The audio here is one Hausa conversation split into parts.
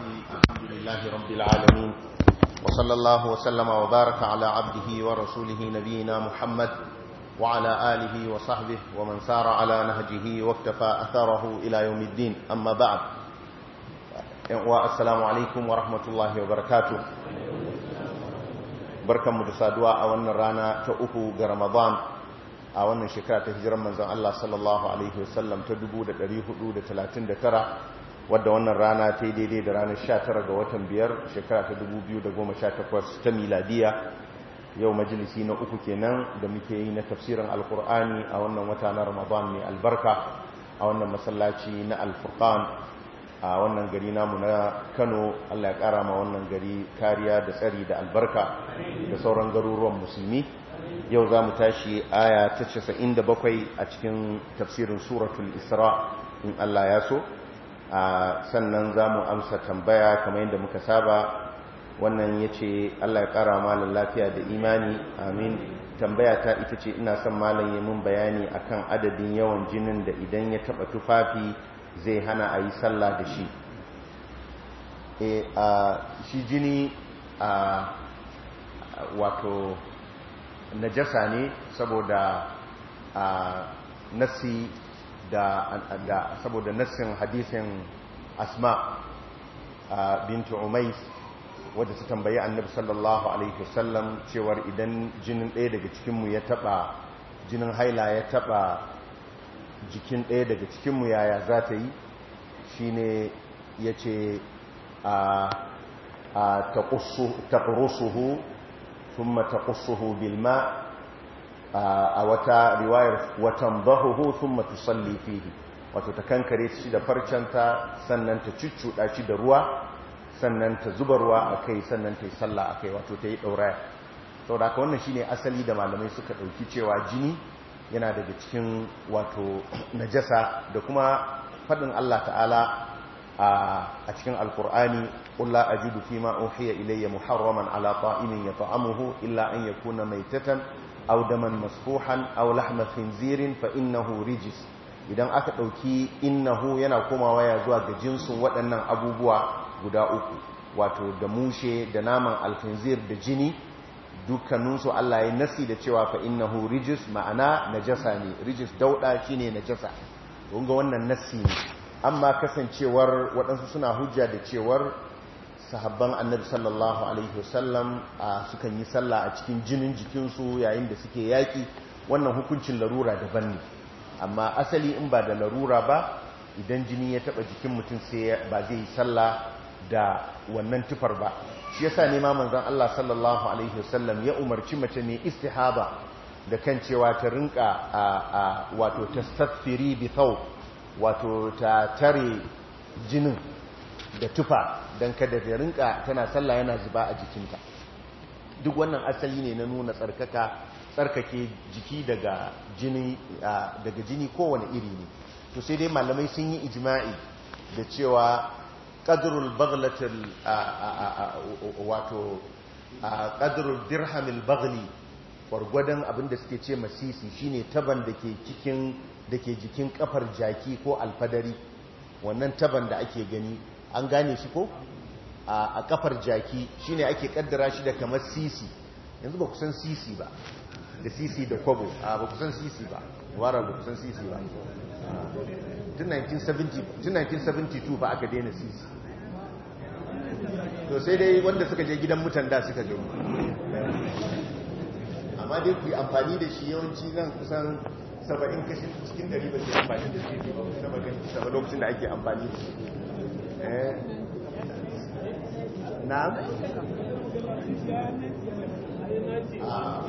الرحيم الحمد لله رب العالمين وصلى الله وسلم وبارك على عبده ورسوله نبينا محمد وعلى آله وصحبه ومن سار على نهجه واكتفى أثره إلى يوم الدين أما بعد والسلام عليكم ورحمة الله وبركاته بركة متسادوة أولنا رانا تأكو رمضان a wannan shekara ta hijirar manzon Allah sallallahu alaihi wasallam ta 1439 wadda wannan rana ta yi daidai da ranar 19 ga watan biyar shekara ta 2018 ta miladiya yau majalisi na uku kenan da muke yi na tafsirin alkur'ani a wannan wata na ramadan mai albarka a wannan masallaci na alfurkan a wannan gari namu na kano allah ya kara ma wannan gari kariya da tsari da albarka da sauran garuruwan musulmi yau za mu tashi aya ta 97 a cikin tafsirin suratul isra in allah ya so sannan za mu amsa tambaya kamar yadda muka saba wannan ya ce allah ya kara malin lafiya da imani amin tambaya ta ita ce ina son malin ya mun bayani akan adadin yawan jinin da idan ya taɓa tufafi zai hana a yi sallah da shi E, shi jini a wato najasa ne saboda a nasi da saboda nassin hadisin asma bintu umais wadda ta tambayi annabi sallallahu alaihi wasallam cewar idan jinin ɗaya daga cikinmu ya taɓa jinin haila ya taɓa jikin ɗaya daga cikinmu yaya za ta yi shi ne ya ce ta ƙurusuhu summa ta ƙurusuhu bilma a wata riwayar watan bahuhu sun matu fihi wato ta kankare shi da farcanta sannan ta cuccuɗa shi da ruwa sannan ta zuba ruwa a kai sannan ta yi sallah a kai wato ta yi ɗauraya sau da aka wannan shi ne asali da malamai suka ɗauki cewa jini yana daga cikin wato najasa da kuma faɗin allah ta'ala a cikin alkur'ani ƙulla a judu fi ma'un ilayya muharraman ala ta'imin ya fa'amuhu illa an ya kuna mai maitatan aw daman masfuhan aw lahma khinzirin fa innahu rijis idan aka dauki innahu yana komawa ya zuwa ga jinsin waɗannan abubuwa guda uku wato da mushe da naman alkhinzir da jini dukkaninsu Allah ya nasi da cewa fa innahu rijis ma'ana najasa ne rijis dauda shine najasa kun ga wannan nasi ne amma kasancewar waɗansu suna hujja da cewar sahabban annabi sallallahu alaihi wasallam sukan yi sallah a cikin jinin jikinsu yayin da suke yaƙi wannan hukuncin larura daban ne amma asali in ba da larura ba idan jini ya taɓa jikin mutum sai ba zai yi sallah da wannan tufar ba shi yasa ne ma manzon Allah sallallahu alaihi wasallam ya umarci mace ne istihaba da kan cewa ta rinka a wato tasaffiri bi wato ta tare jinin da tufa don kada da rinka tana sallah yana zuba a jikinta duk wannan asali ne na nuna tsarkaka tsarkake jiki daga jini daga kowane iri ne to sai dai malamai sun yi ijima'i. da cewa qadrul baghlatil wato qadrul dirhamil baghli gwargwadon abin suke ce masisi shine taban da ke da ke jikin kafar jaki ko alfadari wannan taban da ake gani an gane shi ko a kafar jaki shine ake kaddara shi da kamar sisi yanzu ba kusan sisi ba da sisi da kwabo a ba kusan sisi ba wara ba kusan sisi ba tun 1972 ba aka daina sisi to sai dai wanda suka je gidan mutan da suka je amma dai ku yi amfani da shi yawanci zan kusan saba'in kashi cikin dari ba shi amfani da shi ba saboda lokacin da ake amfani da shi نعم eh. ah.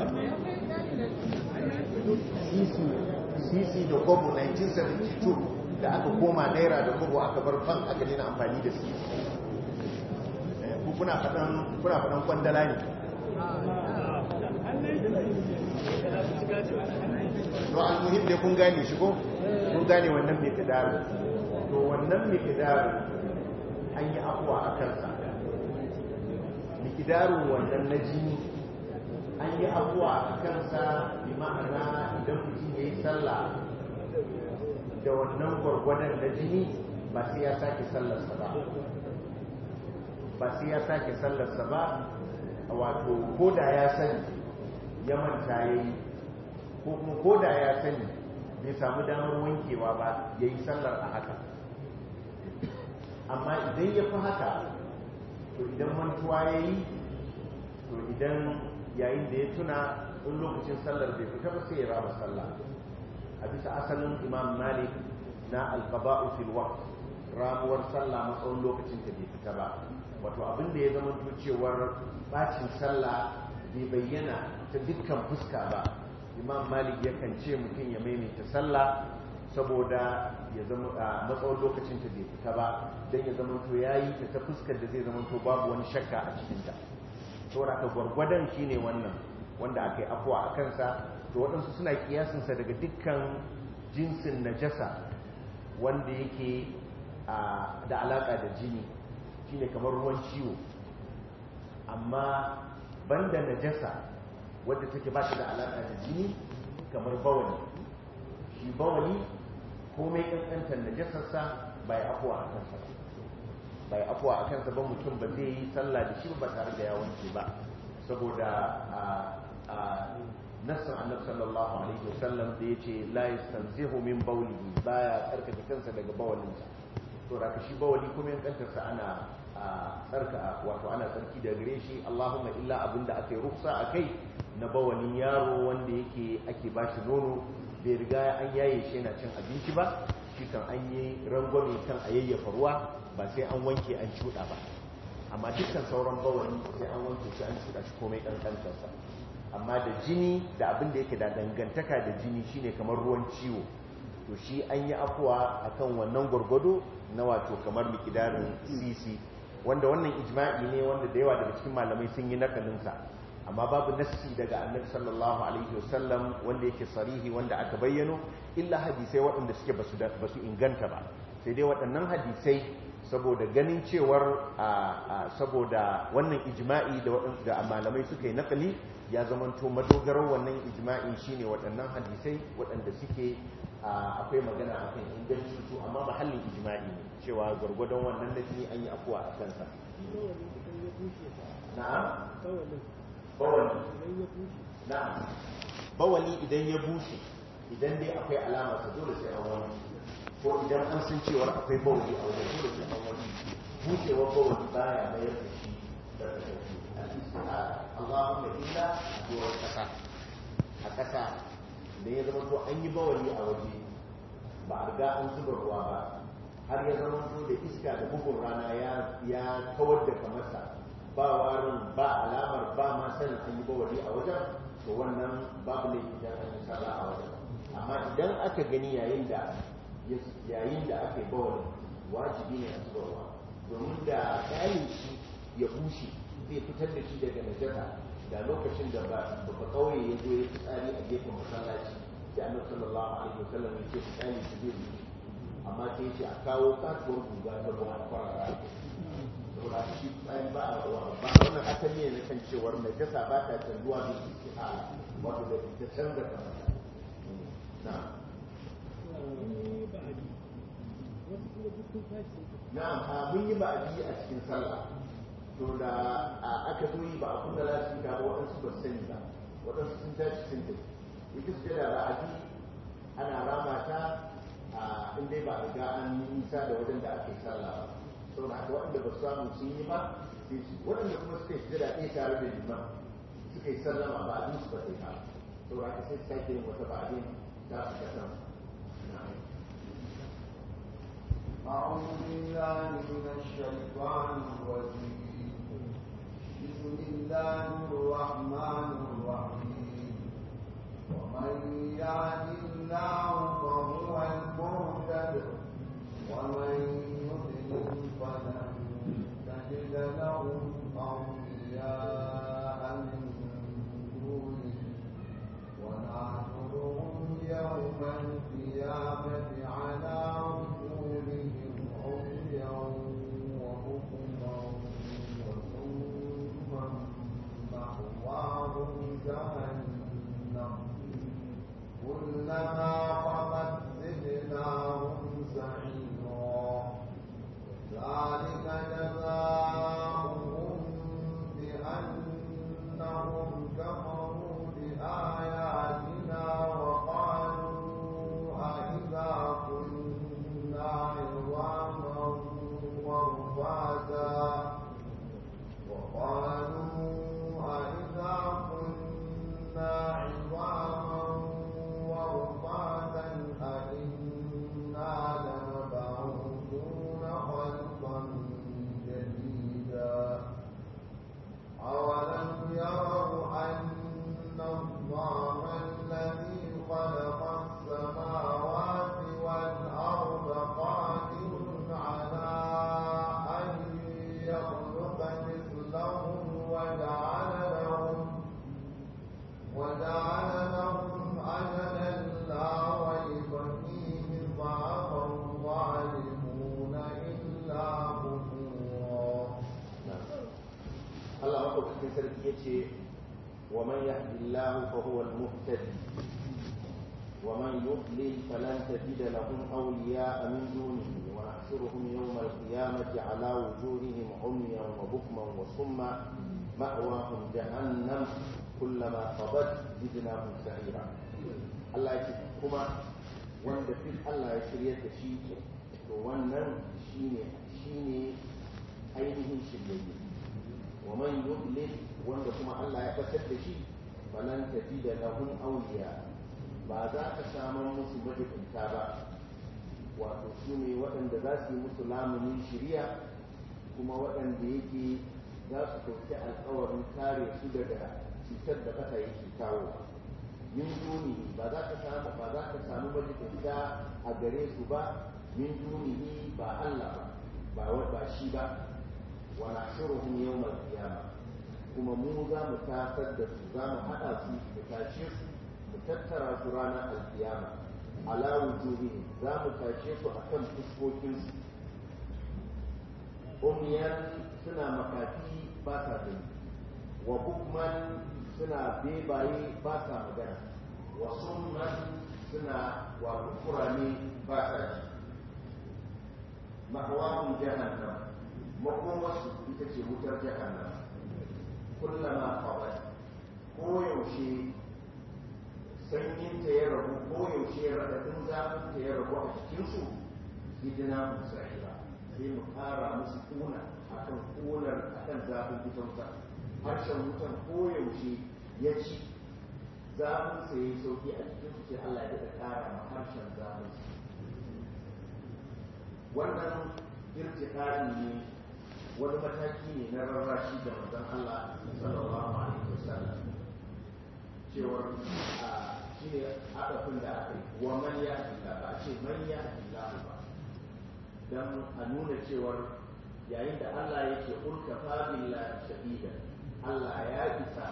sisi da kobo 1972 da aka koma naira da kobo aka bar fan aka dina amfani da su eh, kuna faɗan kwandala ne to an muhim da kun gane shi ko kun gane wannan mai kadaru to wannan mai kadaru an yi afuwa a kansa likidarun wannan na jini an yi afuwa a kansa bi ma'ana idan mutum ya yi sallah da wannan gwargwadon na jini ba sai ya sake sallarsa ba ba sai ya sake tsallarsa ba wato ko da ya sani ya manta ya yi ko kuma ko da ya sani bai samu damar wankewa ba ya yi sallar a haka amma idan ya fi haka to idan mantuwa ya yi to idan yayin da ya tuna in lokacin sallar bai fita ba sai ya rama sallah a bisa asalin imam malik na alfaba fil waqt ramuwar sallah matsayin lokacin ta bai fita ba wato abin da ya zama cewar bacin sallah bai bayyana ta dukkan fuska ba imam malik yakan ce mutum ya maimaita sallah saboda ya zama a matsawar lokacin ta bai fita ba don ya zama to yayi ta ta fuskar da zai zama to babu wani shakka a cikin ta saboda ka gwargwadon shine wannan wanda akai afuwa a kansa to waɗansu suna kiyasinsa daga dukkan jinsin najasa wanda yake da alaka da jini shine kamar ruwan ciwo amma banda najasa wadda take ba da alaka da jini kamar bawani shi bawani komai kankantar najasarsa bai afuwa a kansa bai afuwa a kansa ba mutum ba zai yi sallah da shi ba tare da yawanci ba saboda a nassan annabi sallallahu alaihi wasallam da ya yace la yastanzihu min bawlihi baya tsarkake kansa daga bawalinsa to da shi bawali kuma yankantarsa ana tsarka wato ana tsarki da gare shi Allahumma illa abinda aka yi rufsa a kai na bawalin yaro wanda yake ake bashi nono bai riga an yaye shi yana cin abinci ba shi kan an yi rangwame kan a yayyafa ruwa ba sai an wanke an cuɗa ba amma dukkan sauran bawani sai an wanke shi an cuɗa shi komai ƙanƙantarsa amma da jini da abin da yake da dangantaka da jini shine kamar ruwan ciwo to shi an yi afuwa akan wannan gwargwado na wato kamar mikidarin sisi wanda wannan ijma'i ne wanda da yawa daga cikin malamai sun yi nakalinsa amma babu nassi daga annabi sallallahu alaihi wasallam wanda yake sarihi wanda aka bayyano illa hadisai waɗanda suke basu inganta ba sai dai waɗannan hadisai saboda ganin cewar saboda wannan ijma'i da malamai suka yi nakali ya zamanto madogaro wannan ijma'i shine waɗannan hadisai waɗanda suke akwai magana a kan inganci su amma mahallin ijma'i ne cewa gwargwadon wannan nafi an yi afuwa a kansa na'am bawali idan ya bushe idan dai akwai alama ta dole sai an wani ko idan an san cewar akwai bawali a wajen dole sai an wani bushewar bawali baya mayar da shi da tafi Allahumma illa duwar kasa a kasa idan ya zama to an yi bawali a waje ba a riga an zuba ruwa ba har ya zama to da iska da bugun rana ya kawar da kamarsa ba warin ba alamar ba ma sanin an yi bawari a wajen to wannan babu laifi da an yi a wajen amma idan aka gani yayin da yayin da aka yi bawari wajibi ne a zubarwa domin da kayan shi ya bushe zai fitar da shi daga najasa da lokacin da ba ba kauye ya zo ya fitsari a gefen masallaci da annabi sallallahu alaihi wasallam ya ce fitsari shi zai bushe amma sai ya ce a kawo katuwar guga ta ruwa a saura shi bayan ba a rawa ba wannan asali ne na kan cewar mai kasa ba ta canzuwa da su ke a wato da ta canza ta na na'am mun yi ba'adi a cikin sallah to da aka zo yi ba a kunna lati ga ba waɗansu ba sani ba waɗansu sun tashi sun tafi ita su da ba'adi ana rama ta in dai ba a riga an nisa da wajen da ake sallah ba saboda haka waɗanda ba su samu sun yi ba sai su waɗanda kuma suka yi jira ɗaya tare da liman suka yi sallama ba a su ba sai ta saboda haka sai su sake yin wata ba'adin za su ga san أعوذ بالله من الشيطان الرجيم بسم الله الرحمن الرحيم ومن يهد الله فهو المهتد ومن فلن تجد لهم أولياء من دونه ونعذرهم يوم القيامة على رسولهم عميا وبكما وثم مأواهم جهنم كلما uh, ومن يضلل فلن تجد لهم أولياء من دونه ونحشرهم يوم القيامة على وجوههم عميا وبكما وصما مأواهم جهنم كلما قضت زدناهم سعيرا الله يشكركما وان في الله يشريك شيء وان شيني شيني ainihin shirye wa man yudlil wanda kuma Allah ya fatar da shi falan tafi da lahun auliya ba za ka samun musu majibinta ba wato su ne waɗanda za su yi musu lamunin shirya kuma waɗanda yake za su ɗauki alkawarin kare su daga cutar da ƙasa yake kawo min duni ba za ka samu ba za ka samu majibinta a gare su ba min dunihi ba Allah ba ba shi ba wa nashuruhum yawmal qiyamah kuma mu za mu tasar da su za mu haɗa su mu tashe su mu tattara su ranar alkiyama ala wujuhi za mu tashe su akan fuskokinsu umyan suna makafi ba sa gani wa bukman suna bebaye ba sa magana wa sunan suna wa ne ba sa ji mahawahun jahannam makomarsu ita ce wutar jahannam kullama qabat ko yaushe sanyin ta ya rabu ko yaushe radadin zafin ta ya rabu a cikin su idina musaiba sai mu fara musu kuna kan kunar kan zafin gidansa harshen mutan ko yaushe ya ci zafin sa yi sauki a cikin su sai Allah ya ƙara ma harshen zafin su wannan irtiƙari ne wani mataki ne na rarrashi da manzon Allah sallallahu alaihi wasallam cewar a ce adafin da aka yi wa manya ya illa a ce manya ya ba dan a nuna cewar yayin da Allah yake ulka fa billahi shadida Allah ya isa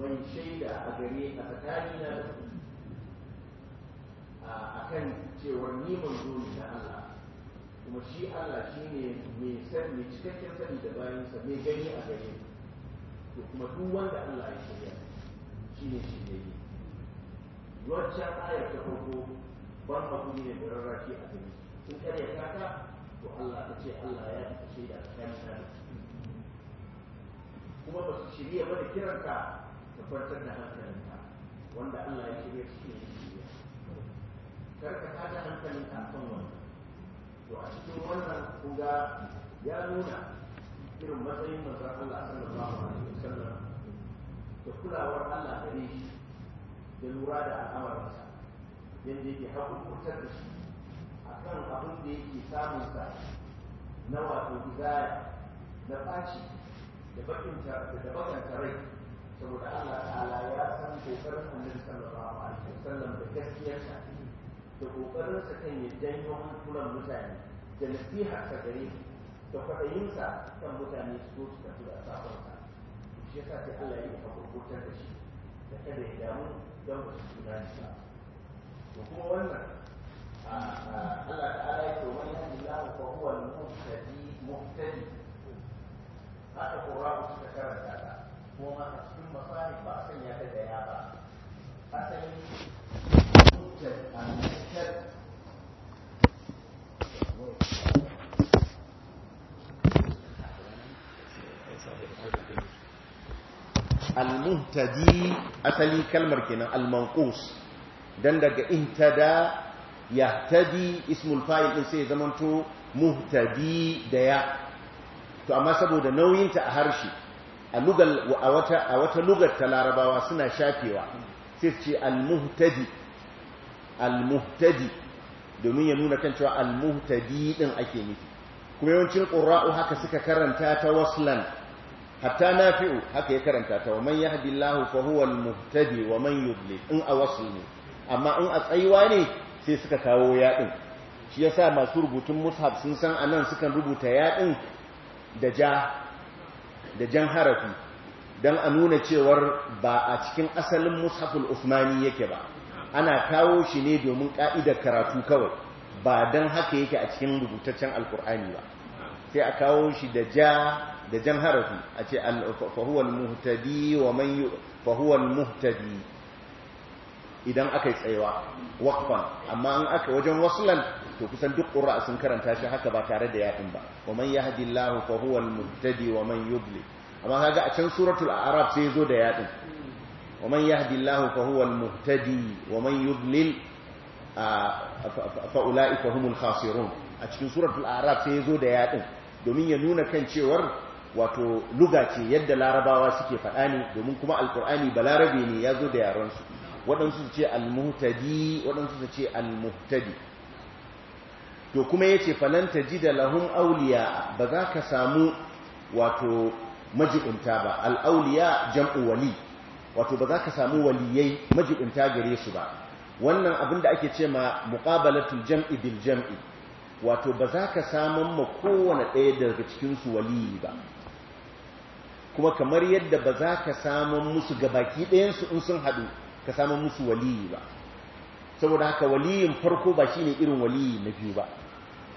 mai shaida a gare a tsakani na a kan cewar ni manzo da Allah kuma shi Allah shi ne mai san mai cikakken sani da sa mai gani a gare to kuma duk wanda Allah ya shirya shi ne shi ne yi wancan ayar ta farko ban abu ne da rarraki a gare in kare kaka to Allah ta ce Allah ya ta ce da kan ta kuma ba su shirya ba da ka ta farkar da ka wanda Allah ya shirya shi ne shirya kar ka hankalin ka kan wannan to a cikin wannan kuga ya nuna irin matsayin manzon Allah sallallahu alaihi wasallam da kulawar Allah gare shi da lura da al'amarsa yadda yake hakuntar da shi akan abin da yake samunsa na wato izaya na ɓaci da bakin da bakin rai saboda Allah ta'ala ya san kokarin annabi sallallahu alaihi wasallam da gaskiyarsa da sa kan ya janyo hankulan mutane da nasiharsa gare shi da kwaɗayinsa kan mutane su zo su tafi da sakonsa shi yasa sai Allah ya yi hakurkutar da shi da kada ya damu don ba su da ba to kuma wannan Allah ta'ala ya ce wani yadda Allah ko huwa al-muhtadi muhtadi haka Qur'ani suka karanta ta kuma a cikin masani ba a sanya ta da ya ba asali al-muhtadi asali kalmar kenan al-manqus dan daga intada yahtadi ismul fa'il din sai zamanto muhtadi da ya to amma saboda nauyin ta a harshe a lugal a wata a wata lugar ta larabawa suna shafewa sai ce al-muhtadi al-muhtadi domin ya nuna kan cewa al-muhtadi din ake nufi kuma yawancin qurra'u haka suka karanta ta waslan hatta nafi'u haka ya karanta ta wa man yahdillahu fa huwa al-muhtadi wa man yudlil in a wasl amma in a tsaiwa ne sai suka kawo yaɗin shi yasa masu rubutun mushaf sun san anan sukan rubuta yaɗin da ja da jan harafi dan a nuna cewar ba a cikin asalin mushaful usmani yake ba ana kawo shi ne domin ka'idar karatu kawai ba don haka yake a cikin rubutaccen alkur'ani ba sai a kawo shi da ja da jan harafi a ce fahuwan muhtadi wa man fahuwan muhtadi idan aka yi tsayawa waqfan amma an aka wajen wasulan to kusan duk a sun karanta shi haka ba tare da yaɗin ba wa man lahu fahuwan muhtadi wa man yudlil amma kaga a can suratul arab sai zo da yaɗin. ومن يهد الله فهو المهتدي ومن يضلل فأولئك هم الخاسرون a cikin suratul araf sai yazo da yadin domin ya nuna kan cewar wato luga ce yadda larabawa suke faɗa ne domin kuma alqur'ani balarabe ne yazo da yaran su waɗansu su ce almuhtadi waɗansu su ce almuhtadi to kuma yace falan tajida lahum awliya ba za ka samu wato majibunta ba al-awliya jam'u wali wato ba za ka samu waliyai majibinta gare su ba wannan abin da ake ce ma muqabalatul jam'i bil jam'i wato ba za ka samun ma kowane ɗaya daga cikin su waliyi ba kuma kamar yadda ba za ka samun musu gabaki ɗayan su in sun haɗu ka samun musu waliyi ba saboda haka waliyin farko ba shine irin waliyi na biyu ba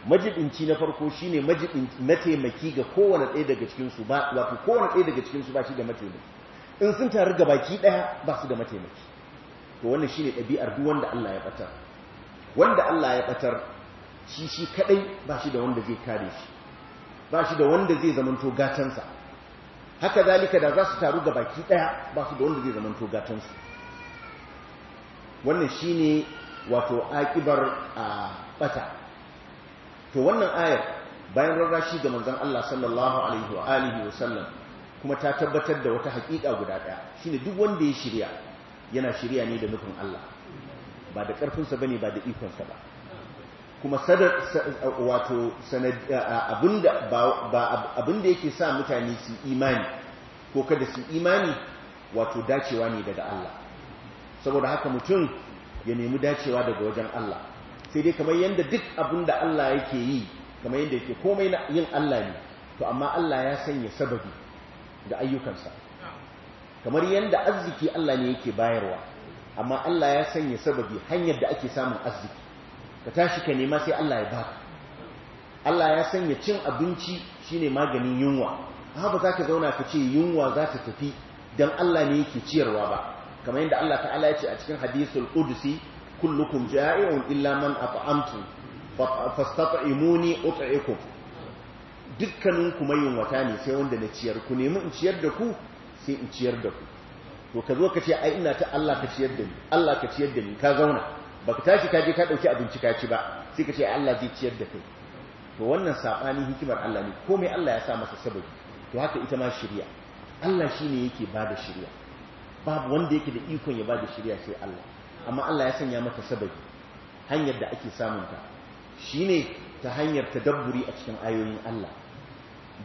majibinci na farko shine majibin mataimaki ga kowane ɗaya daga cikin su ba wato kowane ɗaya daga cikin su ba shi da mataimaki in sun taru ga baki daya ba su da mataimaki to wannan shine ɗabi'ar duk wanda Allah ya batar wanda Allah ya batar shi shi kadai ba shi da wanda zai kare shi ba shi da wanda zai zamanto gatansa haka zalika da za su taru ga baki daya ba su da wanda zai zamanto gatansu wannan shine wato akibar a bata to wannan ayar bayan rarrashi ga manzon Allah sallallahu alaihi wa alihi wa sallam kuma ta tabbatar da wata haƙiƙa guda ɗaya shine duk wanda ya shirya yana shirya ne da nufin Allah ba da ƙarfinsa bane ba da ikonsa ba kuma sadar wato abinda ba abinda yake sa mutane su imani ko kada su imani wato dacewa ne daga Allah saboda haka mutum ya nemi dacewa daga wajen Allah sai dai kamar yadda duk abinda Allah yake yi kamar yadda yake komai yin Allah ne to amma Allah ya sanya sababi da ayyukansa kamar yadda arziki Allah ne yake bayarwa amma Allah ya sanya sababi hanyar da ake samun arziki ka tashi ka nema sai Allah ya ba Allah ya sanya cin abinci shine maganin yunwa haɓa za ka zauna ka ce yunwa za ta tafi don Allah ne yake ciyarwa ba kamar yadda Allah ta'ala ya ce a cikin hadisul qudsi kullukum ja'i'un illa man at'amtu fastat'imuni ut'ikum dukkanin ku wata ne sai wanda na ciyar ku nemi in ciyar da ku sai in ciyar da ku to ka zo ka ce ai ina ta Allah ka ciyar da ni Allah ka ciyar da ni ka zauna baka tashi ka je ka dauki abinci ka ci ba sai ka ce Allah zai ciyar da kai to wannan sabani hikimar Allah ne komai Allah ya sa masa sababi to haka ita ma shari'a Allah shine yake ba da shari'a babu wanda yake da ikon ya ba da shari'a sai Allah amma Allah ya sanya mata sababi hanyar da ake samun ta shine ta hanyar tadabburi a cikin ayoyin Allah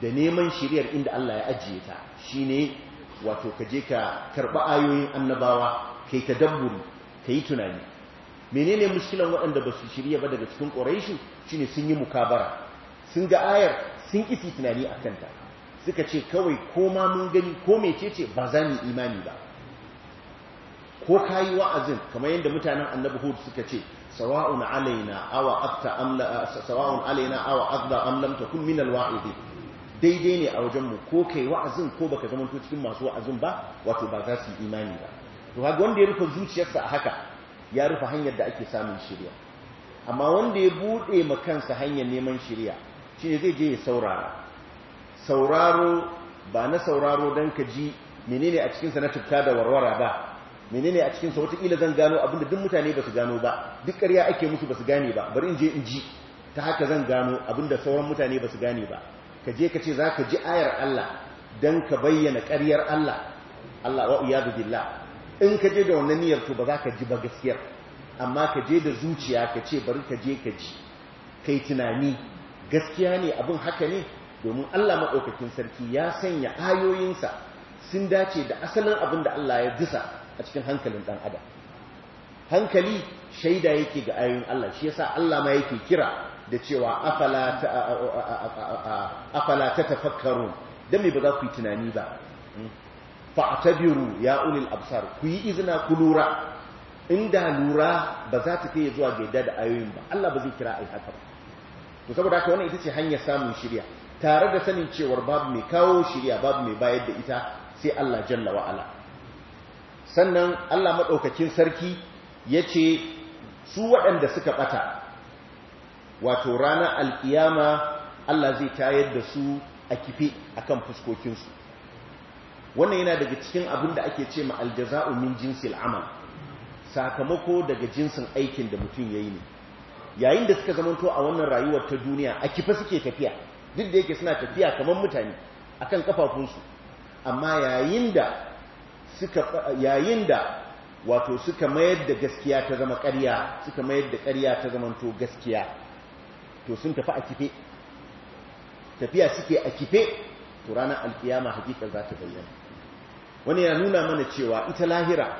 da neman shiriyar inda Allah ya ajiye ta shine wato ka je ka karba ayoyin annabawa ka yi ta dabburi ka yi tunani menene muskilan waɗanda ba su shirya ba daga cikin shi? Shin sun yi mukabara sun ga ayar sun isi tunani a kanta. suka ce kawai ko ma mun gani ko mecece ba za mu imani ba ko ka yi wa'azin kamar yadda mutanen annabi hud suka ce sawa'un alaina awa akta amla sawa'un alaina awa takun daidai ne a wajenmu ko kai wa'azin ko baka zama to cikin masu wa'azin ba wato ba za su yi imani ba to haka wanda ya rufe zuciyarsa a haka ya rufe hanyar da ake samun shirya amma wanda ya buɗe ma kansa hanyar neman shirya shi ne zai je ya saurara sauraro ba na sauraro dan ka ji menene a cikinsa na cuta da warwara ba menene a cikinsa wata wataƙila zan gano abin da duk mutane ba su gano ba duk ƙarya ake musu ba su gane ba bari in je in ji ta haka zan gano abin da sauran mutane ba su gane ba ka je ka ce za ka ji ayar Allah don ka bayyana ƙaryar Allah Allah wa iyadu billah in ka je da wannan niyyar to ba za ka ji ba gaskiyar amma ka je da zuciya ka ce bari ka je ka ji kai tunani gaskiya ne abin haka ne domin Allah maɗaukakin sarki ya sanya ayoyinsa sun dace da asalin abin da Allah ya disa a cikin hankalin ɗan adam hankali shaida yake ga ayoyin Allah shi yasa Allah ma yake kira da cewa afala ta tafakkarun don mai ba za ku yi tunani ba hmm? tabiru ya unil absar ku yi izina ku lura inda lura ba za ta kai zuwa gaida da ayoyin ba Allah ba zai kira yi haka ba to saboda haka wannan ita ce hanyar samun shirya tare da sanin cewar babu mai kawo shirya babu mai bayar da ita sai Allah jalla wa'ala. sannan Allah madaukakin sarki ya ce su waɗanda suka ɓata. wato ranar alkiyama Allah zai tayar da su a kife a kan fuskokinsu wannan yana daga cikin abin da ake ce ma min jinsil amal sakamako daga jinsin aikin da mutum ya yi ne yayin da suka zamanto a wannan rayuwar ta duniya a kife suke tafiya duk da yake suna tafiya kamar mutane a kan kafafunsu amma yayin da yayin da wato suka mayar da gaskiya ta zama ƙarya suka mayar da ƙarya ta zamanto gaskiya to sun tafi a kife tafiya suke a kife to ranar alkiyama hakika za ta bayyana wani ya nuna mana cewa ita lahira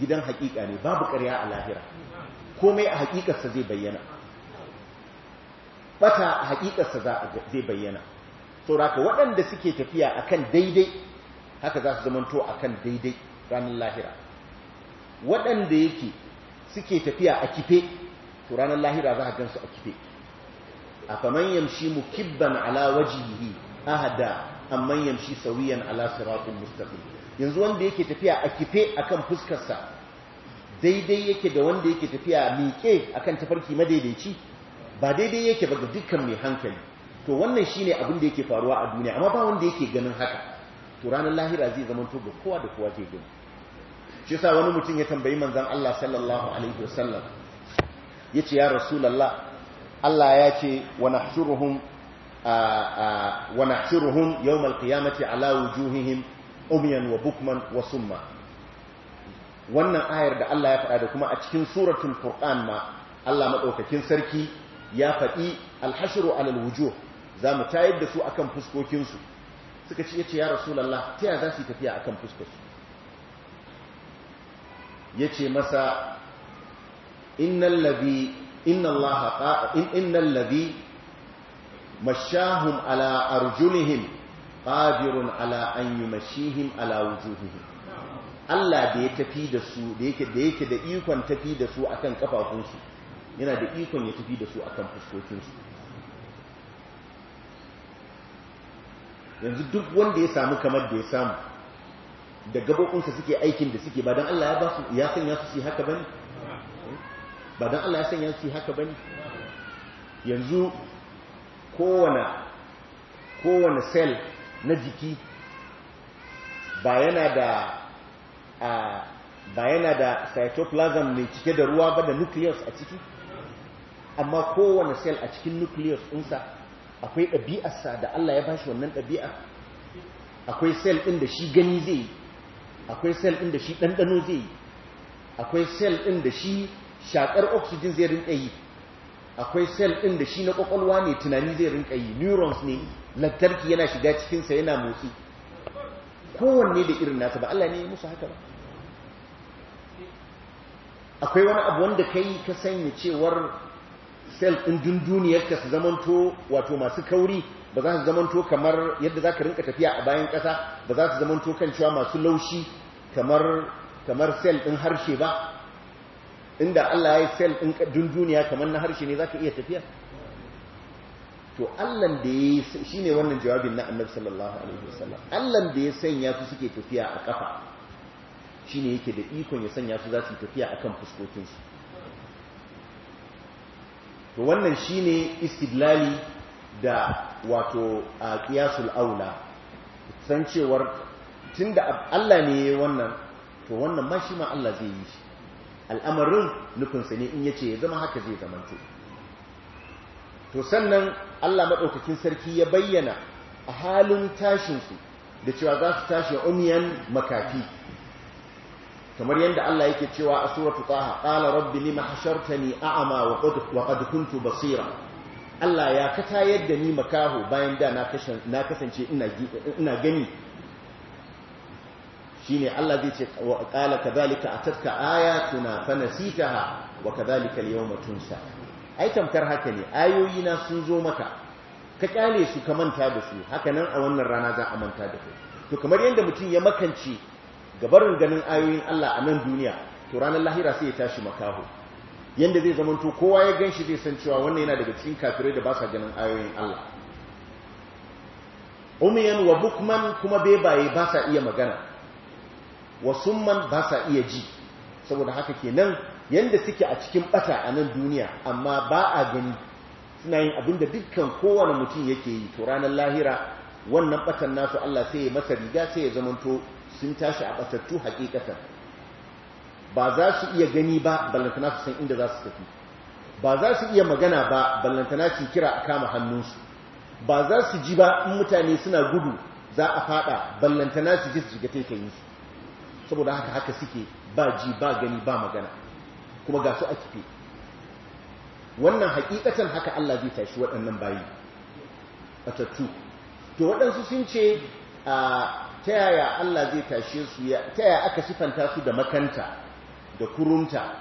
gidan hakika ne babu ƙarya a lahira komai a hakikarsa zai bayyana bata a hakikarsa zai bayyana sauraka waɗanda suke tafiya a kan daidai haka za su zamanto kan daidai ranar lahira waɗanda yake suke tafiya a kife to ranar lahira za a gansu a kife afaman yamshi mukibban ala wajhihi ahada amman yamshi sawiyan ala siratin mustaqim yanzu wanda yake tafiya a kife akan fuskarsa daidai yake da wanda yake tafiya miƙe akan tafarki madaidaici ba daidai yake ba ga dukkan mai hankali to wannan shine abin da yake faruwa a duniya amma ba wanda yake ganin haka to ranar lahira zai zama to ga kowa da kowa ke gani shi yasa wani mutum ya tambayi manzon Allah sallallahu alaihi wasallam yace ya rasulullah Allah ya ce wa nahshuruhum wa qiyamati ala wujuhihim umyan wa bukman wa summa wannan ayar da Allah ya faɗa da kuma a cikin suratun Kur'an ma Allah madaukakin sarki ya faɗi alhashiru alal wujuh za mu tayar da su akan fuskokinsu su suka ce yace ya rasu ta ya za su tafiya akan fuskar yace masa innal ladhi inna allaha innal ladhi mashahum ala arjulihim qadirun ala an mashihin ala Allah da ya tafi da su da yake da yake da ikon tafi da su akan kafafunsu yana da ikon ya tafi da su akan fuskokinsu yanzu duk wanda ya samu kamar da ya samu da gabobinsa suke aikin da suke ba don Allah ya ba su ya sanya su su haka bane ba don Allah ya sanya su haka ba ne yanzu kowane sel na jiki ba yana da ba cytoplasm mai cike da ruwa ba da nucleus a ciki amma kowane sel a cikin nucleus ɗinsa akwai ɗabi'arsa da Allah ya ba shi wannan ɗabi'a akwai sel ɗin da shi gani zai yi akwai cell ɗin da shi ɗanɗano zai yi akwai sel ɗin da shi shakar oxygen zai rinka yi akwai cell ɗin da shi na kwakwalwa ne tunani zai rinka yi neurons ne lantarki yana shiga cikinsa yana motsi kowanne da irin nasa ba Allah ne ya musu haka ba akwai wani abu wanda yi ka sanya cewar cell ɗin dunduniyarka su zamanto wato masu kauri ba za su zamanto kamar yadda za ka rinka tafiya a bayan ƙasa ba za su zamanto kan cewa masu laushi kamar kamar cell ɗin harshe ba inda Allah ya yi sel ɗin dunduniya kamar na harshe ne za ka iya tafiya to Allah da ya yi shi ne wannan jawabin na annabi sallallahu alaihi wasallam Allah da ya sanya su suke tafiya a ƙafa shi ne yake da ikon ya sanya su za su tafiya a kan fuskokinsu to wannan shi ne istidlali da wato a ƙiyasul aula san cewar tun da Allah ne ya yi wannan to wannan ma shi ma Allah zai yi shi al'amarin nufinsa ne in ya ce ya zama haka zai zama to sannan Allah maɗaukakin sarki ya bayyana a halin tashinsu da cewa za su tashi umiyan makafi kamar yadda Allah yake cewa a suratu taha ƙala rabbi ne mahasharta a'ma wa wa ƙadukuntu basira Allah ya kata da ni makaho bayan da na kasance ina gani shine Allah zai ce wa aya a fa ayatuna ha wa kadhalika al-yawma tunsa ai tamkar haka ne ayoyi na sun zo maka ka ƙyale su ka manta da su haka nan a wannan rana za a manta da su to kamar yadda mutum ya makance gabarin ganin ayoyin Allah a nan duniya to ranar lahira sai ya tashi makaho Yadda zai zamanto kowa ya gan shi zai san cewa wannan yana daga cikin kafirai da ba sa ganin ayoyin Allah umiyan wa bukman kuma bebaye ba sa iya magana wa summan ba sa iya ji saboda haka ke nan yadda suke a cikin bata a nan duniya amma ba a gani suna yin abin da dukkan kowane mutum yake yi to ranar lahira wannan batan nasu Allah sai ya masa riga sai ya zamanto sun tashi a batattu hakikatan ba za su iya gani ba ballantana su san inda za su tafi ba za su iya magana ba ballantana su kira a kama hannunsu ba za su ji ba in mutane suna gudu za a fada ballantana su ji su ga taitayin saboda haka haka suke ba ji ba gani ba magana kuma ga su a kife wannan hakikatan haka Allah zai tashi waɗannan bayi batattu to waɗansu sun ce a ta yaya Allah zai tashi su ta yaya aka sifanta su da makanta da kurunta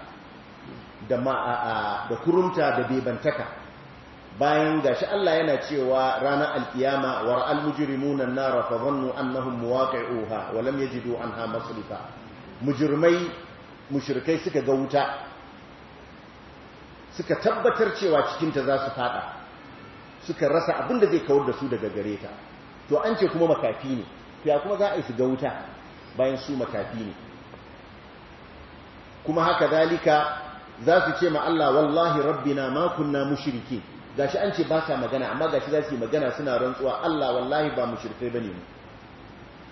da kurunta da bebantaka bayan gashi Allah yana cewa ranar alkiyama wa ra'al mujrimuna an-nar fa dhannu annahum muwaqi'uha wa lam yajidu anha masrifa mujrimai mushrikai suka ga wuta suka tabbatar cewa cikin ta za su fada suka rasa abinda zai kawar da su daga gare ta to an ce kuma makafi ne to ya kuma za a yi su ga wuta bayan su makafi ne kuma haka dalika za su ce ma Allah wallahi rabbina ma kunna mushrikin gashi an ce ba sa magana amma gashi za su yi magana suna rantsuwa Allah wallahi ba mu shirkai bane mu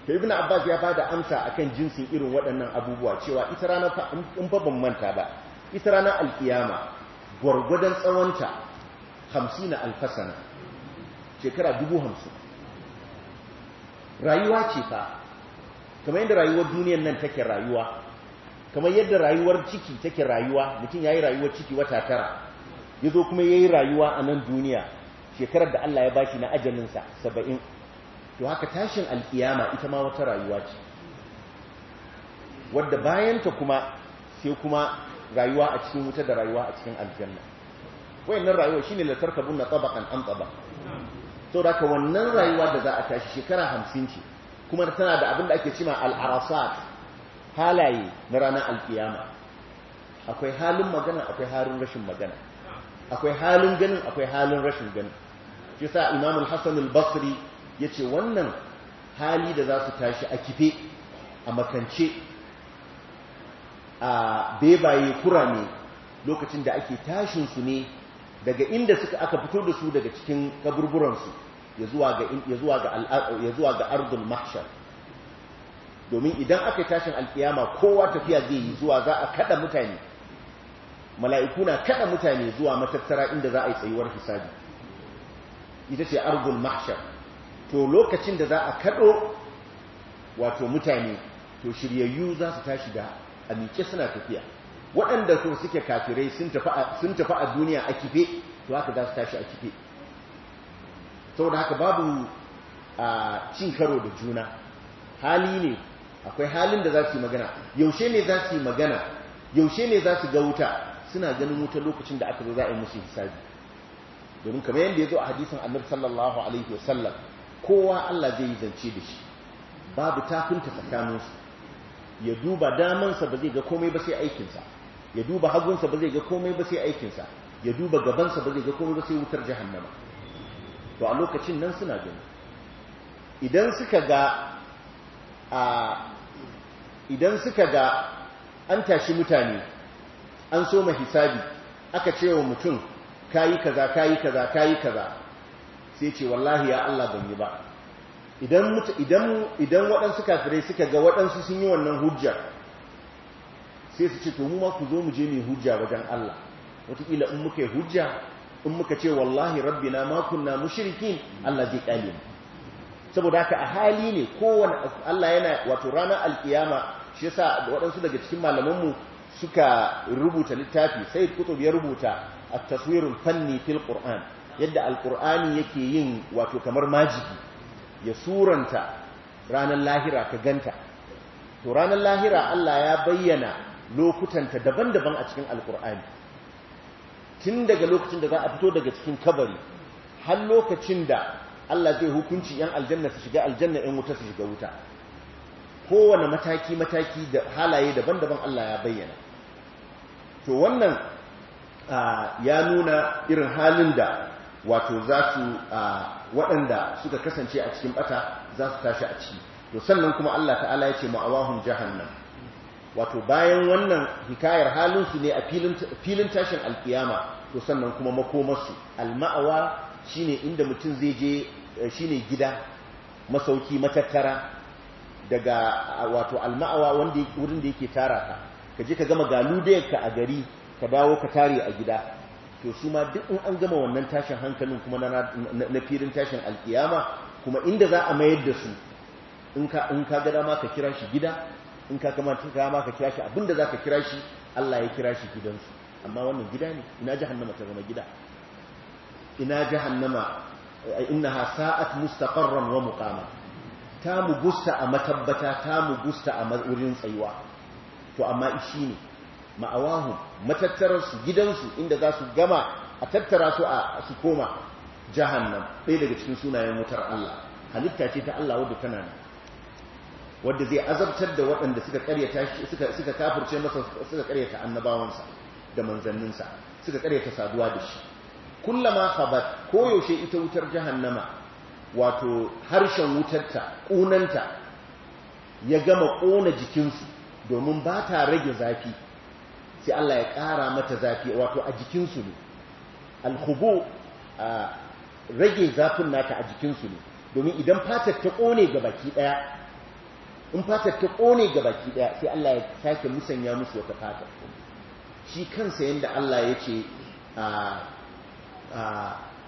to ibnu abbas ya bada amsa akan jinsin irin waɗannan abubuwa cewa ita rana fa in ba ban manta ba ita rana alkiyama gwargwadon tsawonta 50 alfasana shekara 50 rayuwa ce fa kamar yadda rayuwar duniyar nan take rayuwa kamar yadda rayuwar ciki take rayuwa mutum yayi rayuwar ciki wata tara ya zo kuma ya yi rayuwa a nan duniya shekarar da Allah ya ba shi na ajalinsa saba'in to haka tashin alkiyama ita ma wata rayuwa ce wadda bayanta kuma sai kuma rayuwa a cikin wuta da rayuwa a cikin aljanna wayannan rayuwa shine ne tarkabun na tsabakan an tsaba? Sau da wannan rayuwa da za a tashi shekara hamsin ce kuma tana da abin da ake cima al'arasat halaye na ranar alkiyama akwai halin magana akwai halin rashin magana akwai halin ganin akwai halin rashin ganin shi sa imam al hasan al-basri ya ce wannan hali da za su tashi a kife a makance a bebaye kura ne lokacin da ake tashin su ne daga inda suka aka fito da su daga cikin kaburburansu ya zuwa ga ardul mahshar domin idan aka tashin alkiyama kowa tafiya zai yi zuwa za a kada mutane mala'iku na kada mutane zuwa matattara inda za a yi tsayuwar hisabi ita ce argun mashar to lokacin da za a kado wato mutane to shiryayyu za su tashi da amince suna tafiya waɗanda suke kafirai sun tafi a duniya a kife to haka za su tashi a kife saboda haka babu a cin karo da juna hali ne akwai halin da za su yi magana yaushe ne za su yi magana yaushe ne za su ga wuta suna ganin wuta lokacin da aka zo za a yi musu hisabi domin kamar yadda ya zo a hadisin annabi sallallahu alaihi wasallam kowa Allah zai yi zance da shi babu tafinta tsakaninsu ya duba damansa ba zai ga komai ba sai aikinsa ya duba hagunsa ba zai ga komai ba sai aikinsa ya duba gabansa ba zai ga komai ba sai wutar jahannama to a lokacin nan suna gani idan suka ga a idan suka ga an tashi mutane an so ma hisabi aka ce wa mutum ka yi kaza ka yi kaza ka yi kaza sai ce wallahi ya Allah ban yi ba idan idan idan waɗansu kafirai suka ga waɗansu sun yi wannan hujja sai su ce to mu ma ku zo mu je mu hujja wajen Allah wataƙila in muka yi hujja in muka ce wallahi rabbina ma kunna mushrikin Allah zai kale mu saboda haka a hali ne kowanne Allah yana wato ranar alkiyama shi yasa waɗansu daga cikin malaman mu. suka rubuta littafi sai kutub ya rubuta at-taswirul fanni fil qur'an yadda al-qur'ani yake yin wato kamar majiki ya suranta ranar lahira ka ganta to ranar lahira Allah ya bayyana lokutanta daban-daban a cikin al-qur'ani tun daga lokacin da za a fito daga cikin kabari har lokacin da Allah zai hukunci yan aljanna su shiga aljanna yan wuta su shiga wuta kowane mataki mataki da halaye daban-daban Allah ya bayyana to wannan ya nuna irin halin da wato za su waɗanda suka kasance a cikin bata za su tashi a ciki to sannan kuma Allah ta'ala ya ce ma'awahun jahannam wato bayan wannan hikayar halinsu ne a filin tashin alkiyama to sannan kuma makomarsu alma'awa shine inda mutum zai je eh, shine gida masauki matattara daga wato alma'awa wurin da yake tara ka ka je ka gama galudayarka a gari ka dawo ka tare a gida to su ma duk in an gama wannan tashin hankalin kuma na firin tashin alkiyama kuma inda za a mayar da su in ka gada ma ka kira shi gida in ka kamata ma ka kira shi abinda za ka kira shi Allah ya kira shi gidansu amma wannan gida ne ina jahannama ta zama gida ina jahannama eh, ha sa'at mustaqarran wa muqama ta mugusta a matabbata ta mugusta a wurin tsayuwa to amma shi ne ma'awahu matattararsu gidansu inda za su gama a tattara su a su koma jahannan ɗaya daga cikin sunayen wutar Allah halitta ce ta Allah wadda tana nan wadda zai azabtar da waɗanda suka karyata suka suka kafirce masa suka karyata annabawansa da manzanninsa suka karyata saduwa da shi kullama khabat koyaushe ita wutar jahannama wato harshen wutarta ƙunanta ya gama ƙona jikinsu domin ba ta rage zafi sai Allah ya ƙara mata zafi wato a jikinsu ne alhubo a rage zafin nata a jikinsu ne domin idan fatar ta ƙone ga baki ɗaya in fatar ta ƙone ga baki ɗaya sai Allah ya sake musanya musu wata fatar shi kansa yadda Allah ya ce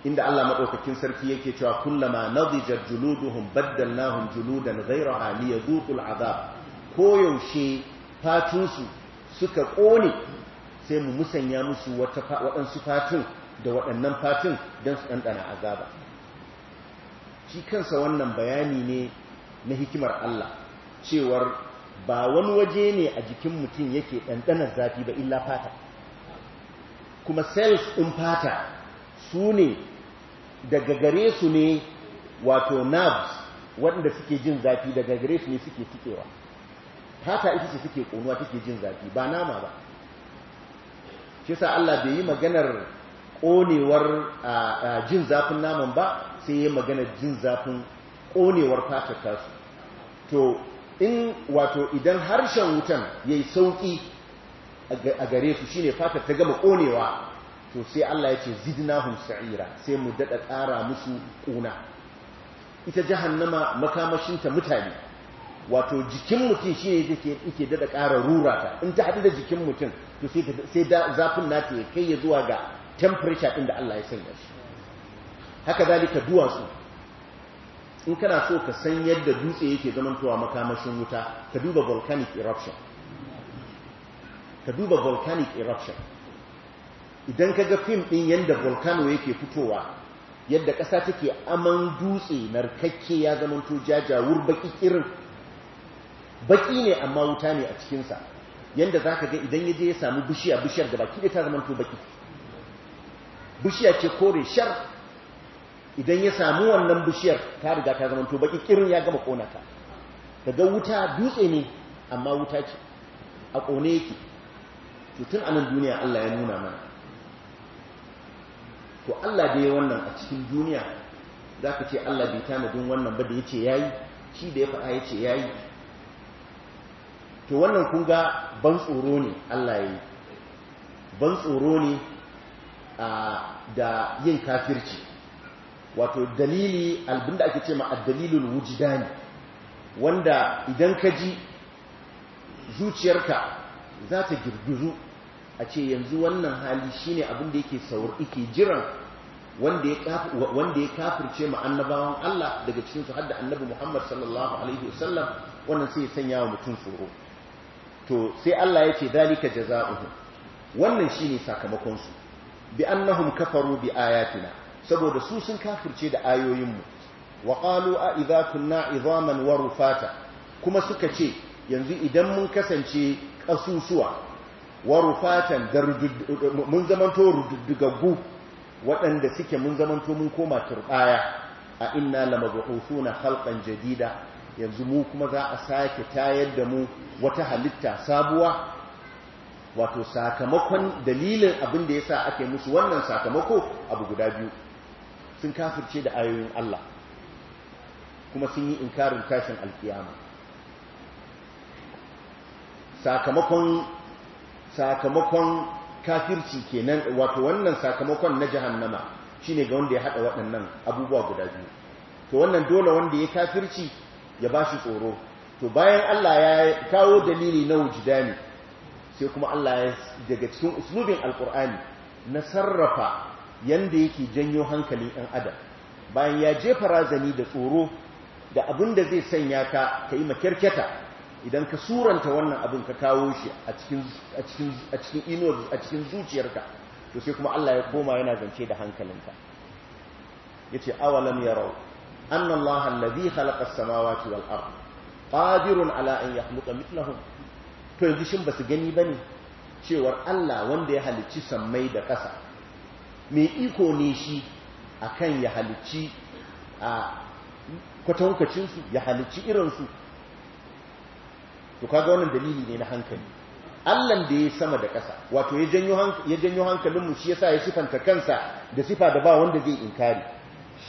inda Allah maɗaukakin sarki yake cewa kullama nadhijar juluduhum baddalnahum juludan ghayraha liyadhuqul azab koyaushe fatunsu suka ƙone sai mu musanya musu waɗansu fatun da waɗannan fatun don su ɗanɗana azaba shi kansa wannan bayani ne na hikimar Allah cewar ba wani waje ne a jikin mutum yake ɗanɗanar zafi ba illa fata kuma cells ɗin fata su ne daga gare su ne wato nerves waɗanda suke jin zafi daga gare su ne suke tikewa fata ita ce take ƙonuwa take jin zafi ba nama ba shi sa Allah bai yi maganar ƙonewar jin zafin naman ba sai ya maganar jin zafin ƙonewar fata tasu to in wato idan harshen wutan ya yi sauƙi a gare su ne fata ta gama ƙonewa to sai Allah ya ce zidnahum sa'ira sai mu daɗa ƙara musu ƙuna ita jahannama makamashinta mutane wato jikin mutum shi ne yake dada ƙara rura ta in ta haɗu da jikin mutum to sai zafin nata ya kai ya zuwa ga temperature din da Allah ya sanya shi haka zalika duwatsu in kana so ka san yadda dutse yake zamantowa makamashin wuta ka duba volcanic eruption ka duba volcanic eruption idan ka ga fim ɗin yadda volcano yake fitowa yadda ƙasa take aman dutse narkakke ya zamanto jajawur baki irin baki ne amma wuta ne a cikinsa yadda za ka ga idan ya je ya samu bishiya bishiyar da baki da ta zama to baki bishiya ce kore shar idan ya sami wannan bishiyar ta riga ta zama to baki kirin ya gama kona ta daga wuta dutse ne amma wuta ce a kone yake to tun anan duniya Allah ya nuna mana to Allah da ya wannan a cikin duniya za ka ce Allah bai tanadin wannan ba da ya ce ya yi shi da ya faɗa ya ce ya yi to wannan kun ga ban tsoro ne Allah ya yi ban tsoro ne da yin kafirci wato dalili albinda ake ce ma al-dalilin wujidani wanda idan ka ji zuciyarka za ta girgizu a ce yanzu wannan hali shine abin da yake saur yake jiran wanda ya kafirce ma annabawan Allah daga cikin su hadda annabi Muhammad sallallahu alaihi wasallam wannan sai ya sanya wa mutum tsoro to sai Allah ya ce zalika jaza'uhum wannan shine sakamakon su bi annahum kafaru bi ayatina saboda su sun kafirce da ayoyinmu wa qalu a idha kunna idhaman wa rufata kuma suka ce yanzu idan mun kasance kasusuwa wa rufatan mun zamanto rududdugaggu waɗanda suke mun zamanto mun koma turbaya a inna lamabu'usuna khalqan jadida yanzu mu kuma za a sake tayar da mu wata halitta sabuwa wato sakamakon dalilin abin da ya sa ake musu wannan sakamako abu guda biyu sun kafirce da ayoyin Allah kuma sun yi inkarin tashin alkiyama sakamakon sakamakon kafirci kenan wato wannan sakamakon na jahannama shine ga wanda ya hada waɗannan abubuwa guda biyu to wannan dole wanda ya kafirci ya ba shi tsoro to bayan Allah ya kawo dalili na wujidani sai kuma Allah ya daga cikin uslubin alkur'ani na sarrafa yanda yake janyo hankalin ɗan adam bayan ya jefa razani da tsoro da abin da zai sanya ka ka yi makyarkyata idan ka suranta wannan abin ka kawo shi a cikin inuwar a cikin zuciyarka to sai kuma Allah ya koma yana zance da hankalinka yace awalam yarau أن الله الذي خلق السماوات والأرض قادر على أن يخلق مثلهم to yanzu shin basu gani bane cewar Allah wanda ya halicci sammai da ƙasa mai iko ne shi akan ya halicci a kwatankacin su ya halicci irin su to kaga wannan dalili ne na hankali Allah da ya sama da ƙasa wato ya janyo hankalinmu shi yasa ya sifanta kansa da sifa da ba wanda zai inkari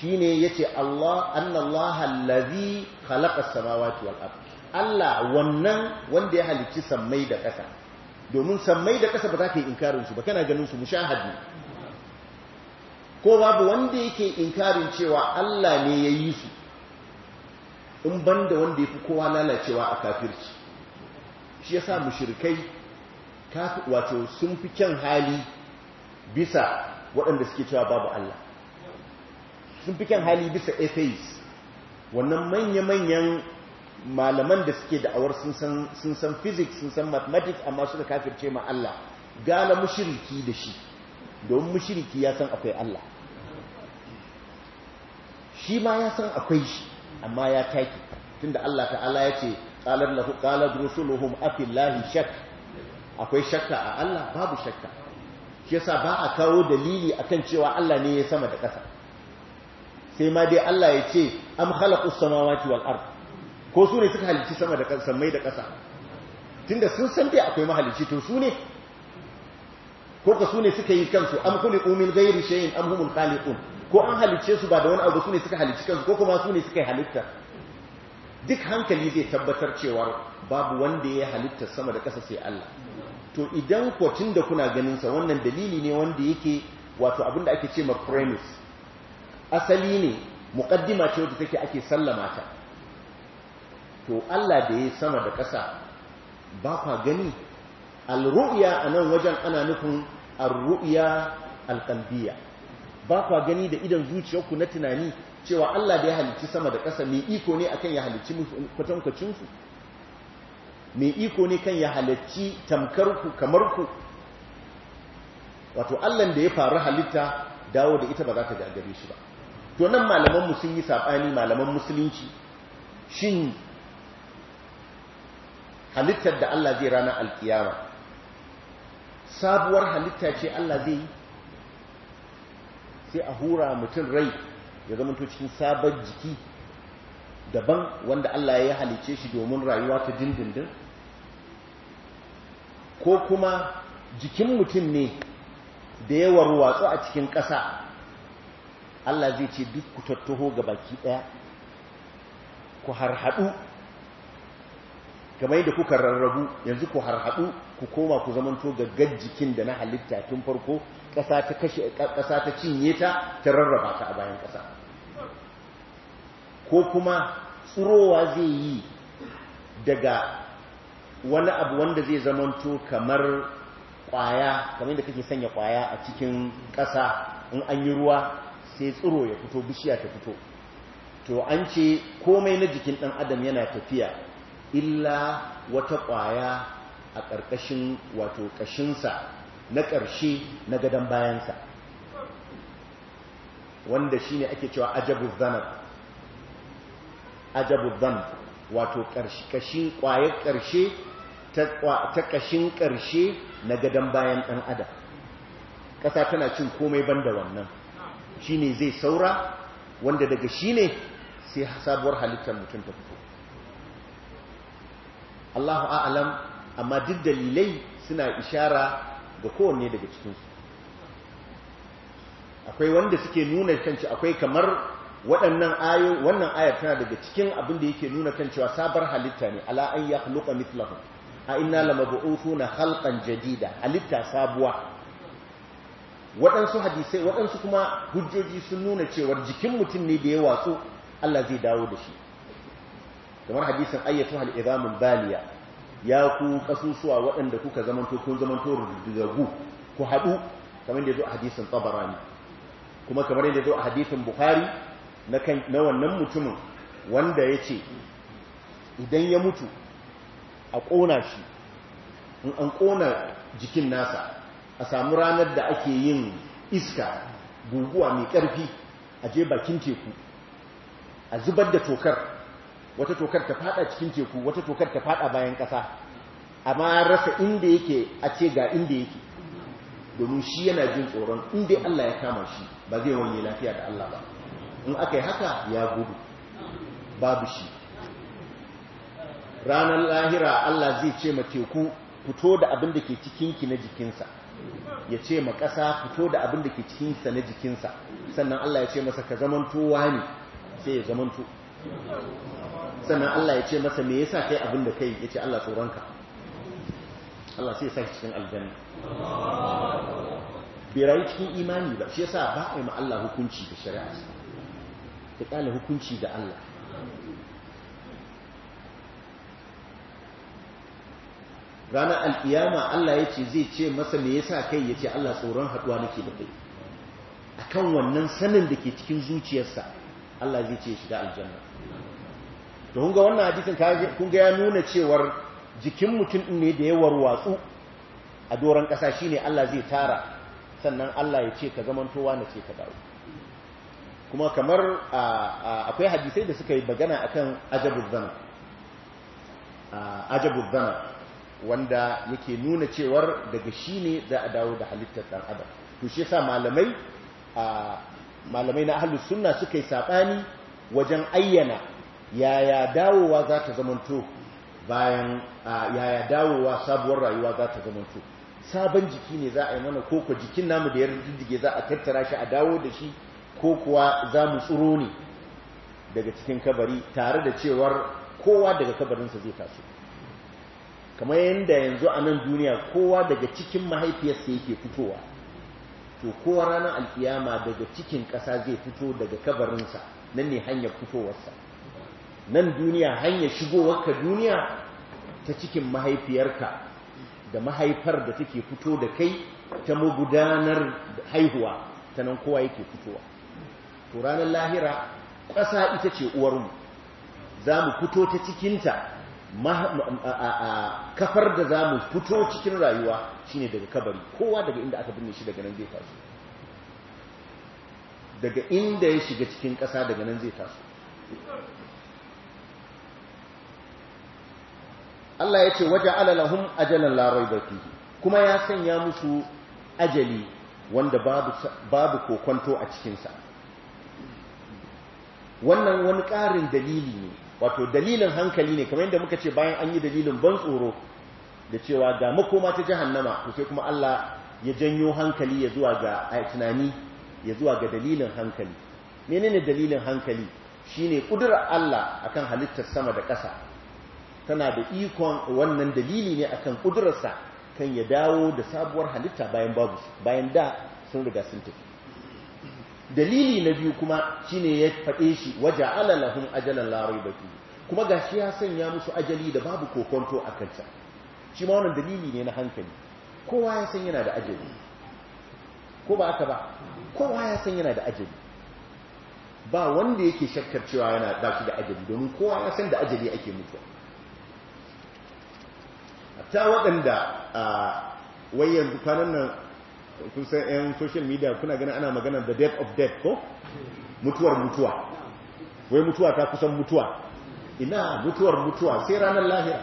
Shi ne ya ce, Allah annallaha allazi khalaqa samawati wal ard Allah wannan wanda ya halicci sammai da ƙasa domin sammai da ƙasa ba za ka yi inkarin su ba kana ganin su mushahadi ko babu wanda yake inkarin cewa Allah ne ya yi su in banda wanda ya fi kowa lalacewa a kafirci shi ya sa mushirikai wato sun fi kyan hali bisa waɗanda suke cewa babu Allah sun fi kyan hali bisa atheist wannan manya-manyan malaman da suke da'awar sun san physics sun san mathematics amma suka kafirce ma Allah gala mushiriki da shi don mushiriki ya san akwai Allah shi ma ya san akwai shi amma ya taki tunda Allah ta'ala ya ce qalar lahu qalat afin lahi shak akwai shakka a Allah babu shakka shi yasa ba a kawo dalili akan cewa Allah ne ya sama da ƙasa sai ma dai Allah ya ce am khalaqu samawati wal ard ko su ne suka halicci sama da ƙasa mai da ƙasa tunda sun san dai akwai mahalicci to su ne ko ka su ne suka yi kansu am khuliqu min ghairi shay'in am humul khaliqun ko an halicce su ba da wani abu su ne suka halicci kansu ko kuma su ne suka yi halitta duk hankali zai tabbatar cewa babu wanda ya halitta sama da ƙasa sai Allah to idan ko tunda kuna ganin sa wannan dalili ne wanda yake wato abinda ake ce ma premise asali ne muqaddima ce wadda take ake sallama ta to Allah da ya sama da ƙasa ba kwa gani al-ru'ya anan wajen ana nufin ar alqalbiya al ba kwa gani da idan zuciyarku na tunani cewa Allah da ya halicci sama da ƙasa mai iko ne akan ya halicci kwatankwacin su mai iko ne kan ya halicci tamkar ku kamar ku wato Allah da ya faru halitta dawo da ita ba za ta gagare shi ba to nan malaman sun yi saɓani malaman musulunci shin halittar da Allah zai rana alkiyama sabuwar halitta ce Allah zai yi sai a hura mutum rai ya zama cikin sabon jiki daban wanda Allah ya halice shi domin rayuwa ta dindindin ko kuma jikin mutum ne da yawar watsu a cikin ƙasa Allah zai ce duk ku tattaho ga baki ɗaya ku harhaɗu kamar yadda kuka rarrabu yanzu ku harhaɗu ku koma ku zamanto ga gajjikin da na halitta tun farko ƙasa ta kashe ƙasa ta cinye ta ta rarraba ta a bayan ƙasa ko kuma tsirowa zai yi daga wani abu wanda zai zamanto kamar ƙwaya kamar da kake sanya ƙwaya a cikin ƙasa in an yi ruwa sai tsiro ya fito bishiya ta fito to an ce komai na jikin ɗan adam yana tafiya illa wata ƙwaya a ƙarƙashin wato ƙashinsa na ƙarshe na gadon bayansa wanda shi ne ake cewa ajabu zanar ajabu zan wato ƙashin ƙwayar ƙarshe ta ƙashin ƙarshe na gadon bayan ɗan adam ƙasa tana cin komai banda wannan shine zai saura wanda daga shine sai sabuwar halittar mutum ta fito Allahu a'lam amma duk dalilai suna ishara ga kowanne daga cikinsu akwai wanda suke nuna kanci akwai kamar waɗannan ayo wannan ayar tana daga cikin abin da yake nuna kan cewa sabar halitta ne ala an yakhluqa mithlahum a inna lamabu'uthuna khalqan jadida halitta sabuwa waɗansu hadisai waɗansu kuma hujjoji sun nuna cewar jikin mutum ne da ya watsu Allah zai dawo da shi kamar hadisan ayyatu hal izamul baliya ya ku kasusuwa waɗanda kuka zamanto kun zamanto rudugagu ku haɗu kamar yadda ya zo a hadisan tabarani kuma kamar yadda ya zo a hadisan bukhari na wannan mutumin wanda ya ce idan ya mutu a ƙona shi in an ƙona jikin nasa a samu ranar da ake yin iska guguwa mai ƙarfi a je bakin teku a zubar da tokar wata tokar ta fada cikin teku wata tokar ta fada bayan ƙasa amma rasa inda yake a ce ga inda yake domin shi yana jin tsoron inda Allah ya kama shi ba zai wani lafiya da Allah ba in aka yi haka ya gudu babu shi ranar lahira Allah zai ce ma teku fito da abin da ke cikinki na jikinsa ya ce ma ƙasa fito da abin da ke cikinsa na jikinsa sannan Allah ya ce masa ka zamantowa ne sai ya zamanto sannan Allah ya ce masa me yasa kai abin da kai ya ce Allah tsoronka Allah sai ya sake cikin aljanna birai cikin imani ba shi yasa ba a yi ma Allah hukunci da shari'a ta ƙala hukunci da Allah ranar aliyama Allah ya ce zai ce masa me yasa kai ya ce Allah tsoron haɗuwa nake da kai a kan wannan sanin da ke cikin zuciyarsa Allah zai ce shiga aljanna Da hunga wannan wannan hadisin kun ga ya nuna cewar jikin mutum ne da ya warwatsu a doron ƙasa shine Allah zai tara sannan Allah ya ce ka zamantowa na ce ka dawo kuma kamar akwai hadisai da suka yi bagana akan ajabul zana zana wanda yake nuna cewar daga shi ne za a dawo da halittar ɗan adam to shi yasa malamai malamai na ahlus sunna suka yi saɓani wajen ayyana yaya dawowa za ta zamanto bayan yaya dawowa sabuwar rayuwa za ta zamanto sabon jiki ne za a yi mana koko jikin namu da ya rijige za a tattara shi a dawo da shi ko kuwa za mu tsoro ne daga cikin kabari tare da cewar kowa daga kabarinsa zai taso kamar yadda yanzu a nan duniya kowa daga cikin mahaifiyarsa yake fitowa to kowa ranar alkiyama daga cikin ƙasa zai fito daga kabarinsa nan ne hanyar fitowarsa nan duniya hanyar shigowarka duniya ta cikin mahaifiyarka da mahaifar da take fito da kai ta magudanar haihuwa ta nan kowa yake fitowa to ranar lahira ƙasa ita ce uwarmu za mu fito ta cikinta kafar da za mu fito cikin rayuwa shine daga kabari kowa daga inda aka binne shi daga nan zai taso daga inda ya shiga cikin ƙasa daga nan zai taso Allah ya ce waje alalahun ajalan larai fi, kuma ya sanya musu ajali wanda babu kokonto a cikinsa wannan wani ƙarin dalili ne wato dalilin hankali ne kamar yadda muka ce bayan an yi dalilin ban tsoro da cewa ga makoma ta jahannama to sai kuma Allah ya janyo hankali ya zuwa ga tunani ya zuwa ga dalilin hankali menene dalilin hankali shine kudurar Allah akan halittar sama da ƙasa tana da ikon wannan dalili ne akan kudurarsa kan ya dawo da sabuwar halitta bayan babu bayan da sun riga sun tafi dalili na biyu kuma shine ya faɗe shi waje alalahun ajalan larai baki kuma ga shi ya sanya musu ajali da babu kokonto a kanta shi ma wannan dalili ne na hankali kowa ya san yana da ajali ko ba aka ba kowa ya san yana da ajali ba wanda yake shakkar cewa yana daki da ajali domin kowa ya san da ajali ake mutu. ta waɗanda wai yanzu kwanan nan kun san yan social media kuna gani ana magana the death of death ko mutuwar mutuwa wai mutuwa ta kusan mutuwa ina mutuwar mutuwa sai ranar lahira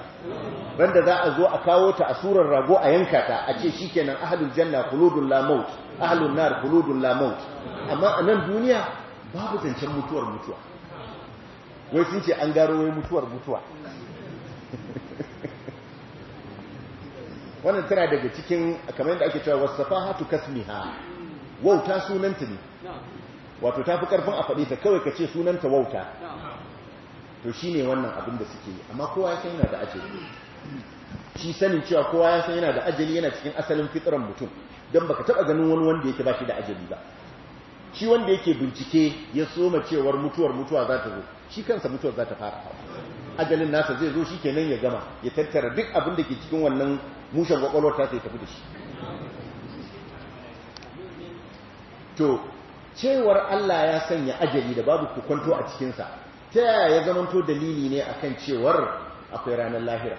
banda za a zo a kawo ta a surar rago a yanka ta a ce shi kenan ahlul janna khuludul la maut ahlun nar khuludul la maut amma a nan duniya babu zancen mutuwar mutuwa wai sun ce an garo wai mutuwar mutuwa wannan tana daga cikin kamar yadda ake cewa hatu kasmiha wauta sunanta ne wato tafi karfin a faɗi ta kawai kace sunanta wauta to shi ne wannan abin da suke yi amma kowa ya san yana da ajali shi sanin cewa kowa ya san yana da ajali yana cikin asalin fitran mutum don baka taba ganin wani wanda yake ba shi da ajali ba shi wanda yake bincike ya soma cewar mutuwar mutuwa za ta zo shi kansa mutuwar za ta fara hawa ajalin nasa zai zo shi nan ya gama ya tattara duk abin da ke cikin wannan mushen kwakwalwar ta tafi da shi to cewar Allah ya sanya ajali da babu kukwanto a cikinsa ta yaya ya zama to dalili ne akan cewar akwai ranar lahira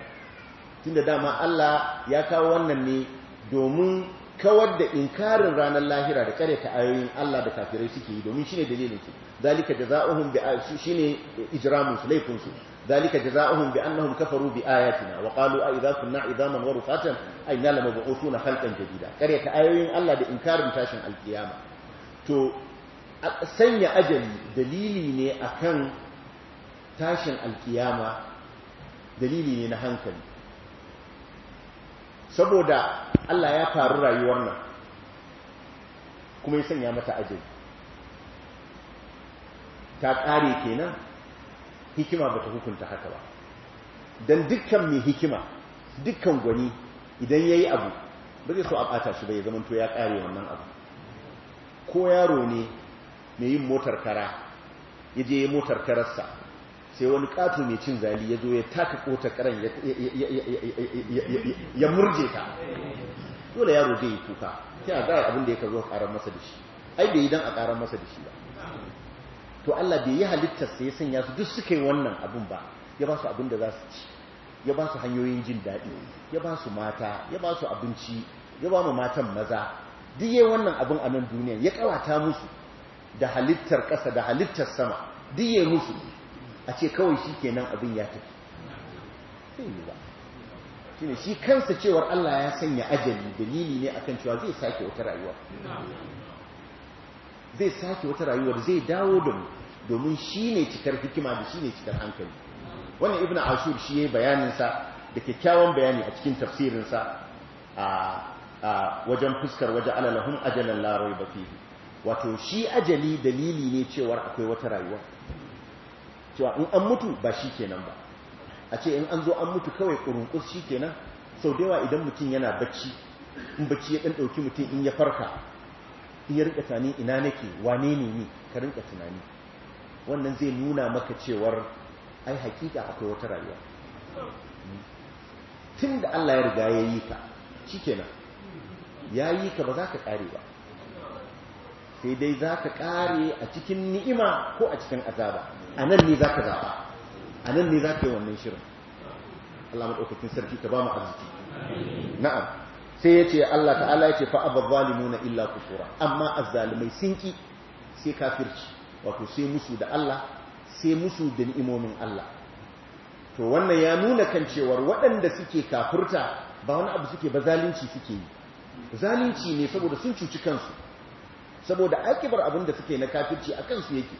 tun da dama Allah ya kawo wannan ne domin kawar da inkarin ranar lahira da kare ayoyin Allah da kafirai suke yi domin shine dalilin su zalika jazaohum bi shine ijramun su laifin su ذلك جزاؤهم بأنهم كفروا بآياتنا وقالوا أئذا كنا عظاما ورفاتا أئنا لمبعوثون خلقا جديدا قرية آيوين الله بإنكار تاشن القيامة تو سنة أجل دليلي ني أكن تاشن القيامة دليلي ني نهانكن سبودا الله يا فارو رايورنا كما يسن يا متى أجل ta ƙare kenan hikima ba ta hukunta haka ba don dukkan mai hikima dukkan gwani idan ya yi abu ba zai so a bata shi ba ya zamanto ya kare wannan abu ko yaro ne mai yin motar kara ya je ya motar kararsa sai wani kato mai cin zali ya zo ya taka kota ƙaran ya murje ta dole yaro zai yi kuka sai a gara abin da ya ka zo a karar masa da shi ai da yi don a ƙarar masa da shi ba to Allah bai yi halittar sai ya sanya su duk suka yi wannan abun ba ya ba su abin da za su ci ya ba su hanyoyin jin daɗi ya ba su mata ya ba su abinci ya ba mu matan maza duk yi wannan abin a nan duniya ya kawata musu da halittar ƙasa da halittar sama duk yi musu a ce kawai shi nan abin ya tafi sai yi ba shi kansa cewar Allah ya sanya ajali dalili ne akan cewa zai sake wata rayuwa zai sake wata rayuwar zai dawo da mu domin shi ne cikar hikima da shi ne cikar hankali wannan ibn ashur shi ya yi bayaninsa da kyakkyawan bayani a cikin tafsirinsa a wajen fuskar waje alalahun ajalan larai ba fiye wato shi ajali dalili ne cewar akwai wata rayuwa cewa in an mutu ba shi kenan ba a ce in an zo an mutu kawai ƙurunƙus shi kenan sau da yawa idan mutum yana bacci in bacci ya ɗan ɗauki mutum in ya farka ya rika tunani ina nake wane ne ni ka rinka tunani wannan zai nuna maka cewar ai hakika akwai wata rayuwa tun da Allah ya riga ya yi ka kenan ya yi ka ba za ka kare ba sai dai za ka kare a cikin ni'ima ko a cikin azaba a nan ne za ka zaba a nan ne za ka yi wannan shirin Allah maɗaukakin sarki ta ba mu arziki na'am sai ya ce Allah ta'ala ya ce fa zalimu nuna illa kusura, amma azzalimai sun ki sai kafirci wato sai musu da Allah sai musu da ni'imomin Allah to wannan ya nuna kan cewar waɗanda suke kafurta, ba wani abu suke ba zalunci suke yi zalunci ne saboda sun cuci kansu saboda akibar abin da suke na kafirci a kansu yake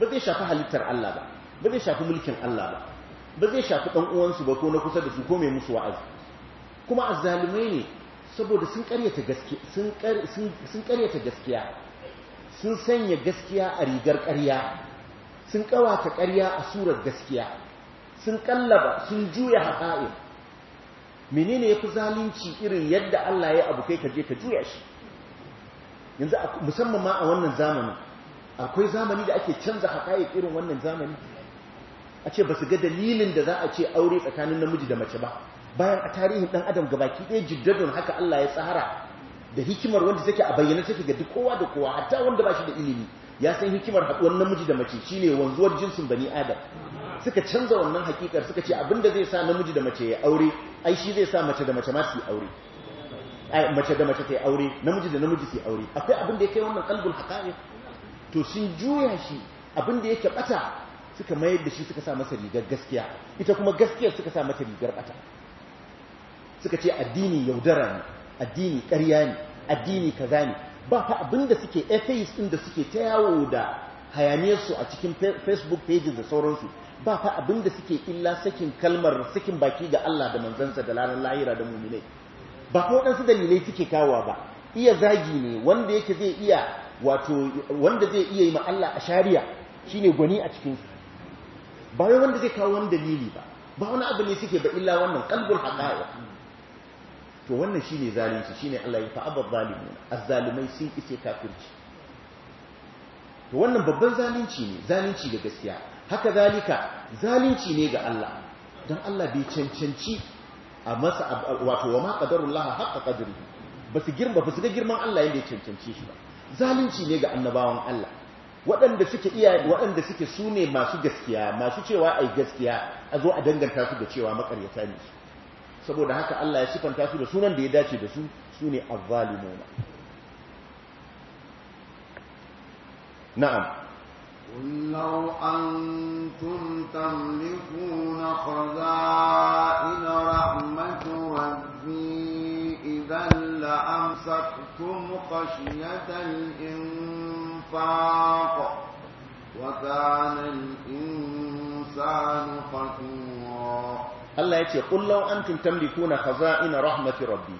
ba zai shafi halittar Allah ba ba zai shafi mulkin Allah ba ba zai shafi ɗan uwansu ba ko na kusa da su ko mai musu wa'azi kuma azzalumai ne saboda sun karyata gaskiya sun gaskiya sun sanya gaskiya a rigar ƙarya sun kawata ƙarya a surar gaskiya sun kallaba sun juya haƙa'in menene fi zalunci irin yadda Allah ya abu kai kaje ka juya shi yanzu musamman ma a wannan zamani akwai zamani da ake canza haƙa'in irin wannan zamani a ce ba su ga dalilin da za a ce aure tsakanin namiji da mace ba bayan a tarihin dan adam gabaki ɗaya jiddadun haka Allah ya tsara da hikimar wanda take a bayyana take ga duk kowa da kowa hatta wanda ba shi da ilimi ya san hikimar haɗuwar namiji da mace shine wanzuwar jinsin bani adam suka canza wannan hakikar suka ce abinda zai sa namiji da mace ya aure ai shi zai sa mace da mace ma su aure mace da mace sai aure namiji da namiji su aure akwai abin da ya kai wannan kalbul haƙa'i to sun juya shi abin da yake bata suka mayar da shi suka sa masa rigar gaskiya ita kuma gaskiyar suka sa mata rigar bata suka ce addini yaudara ne addini ƙarya ne addini kaza ne ba fa abin da suke atheist din da suke ta yawo da hayaniyarsu a cikin facebook pages da sauransu ba fa abin da suke illa sakin kalmar sakin baki ga Allah da manzansa da lanar lahira da muminai ba ko waɗansu dalilai suke kawa ba iya zagi ne wanda yake zai iya wato wanda zai iya yi ma Allah a shari'a shine gwani a cikinsu. su ba wanda zai kawo wani dalili ba ba wani abu ne suke ba illa wannan qalbul haqa'iq to wannan shine zalunci shine Allah ya fa'aba zalimin azzalimai sun ise kafirci to wannan babban zalunci ne zalunci ga gaskiya haka zalika zalunci ne ga Allah dan Allah bai cancanci a masa wato wa ma qadarullahi haqqa Ba basu girma basu ga girman Allah yanda ya cancanci shi ba zalunci ne ga annabawan Allah waɗanda suke iya waɗanda suke sune masu gaskiya masu cewa ai gaskiya a zo a danganta su da cewa makaryata ne su saboda haka Allah ya sifanta su da sunan da ya dace da su sune azzalimuna na'am قل لو أنتم تملكون خزائن رحمة ربي إذا لأمسكتم خشية الإنفاق وكان الإنسان قتولا Allah ya ce kullaw antum tamlikuna khaza'ina rahmati rabbi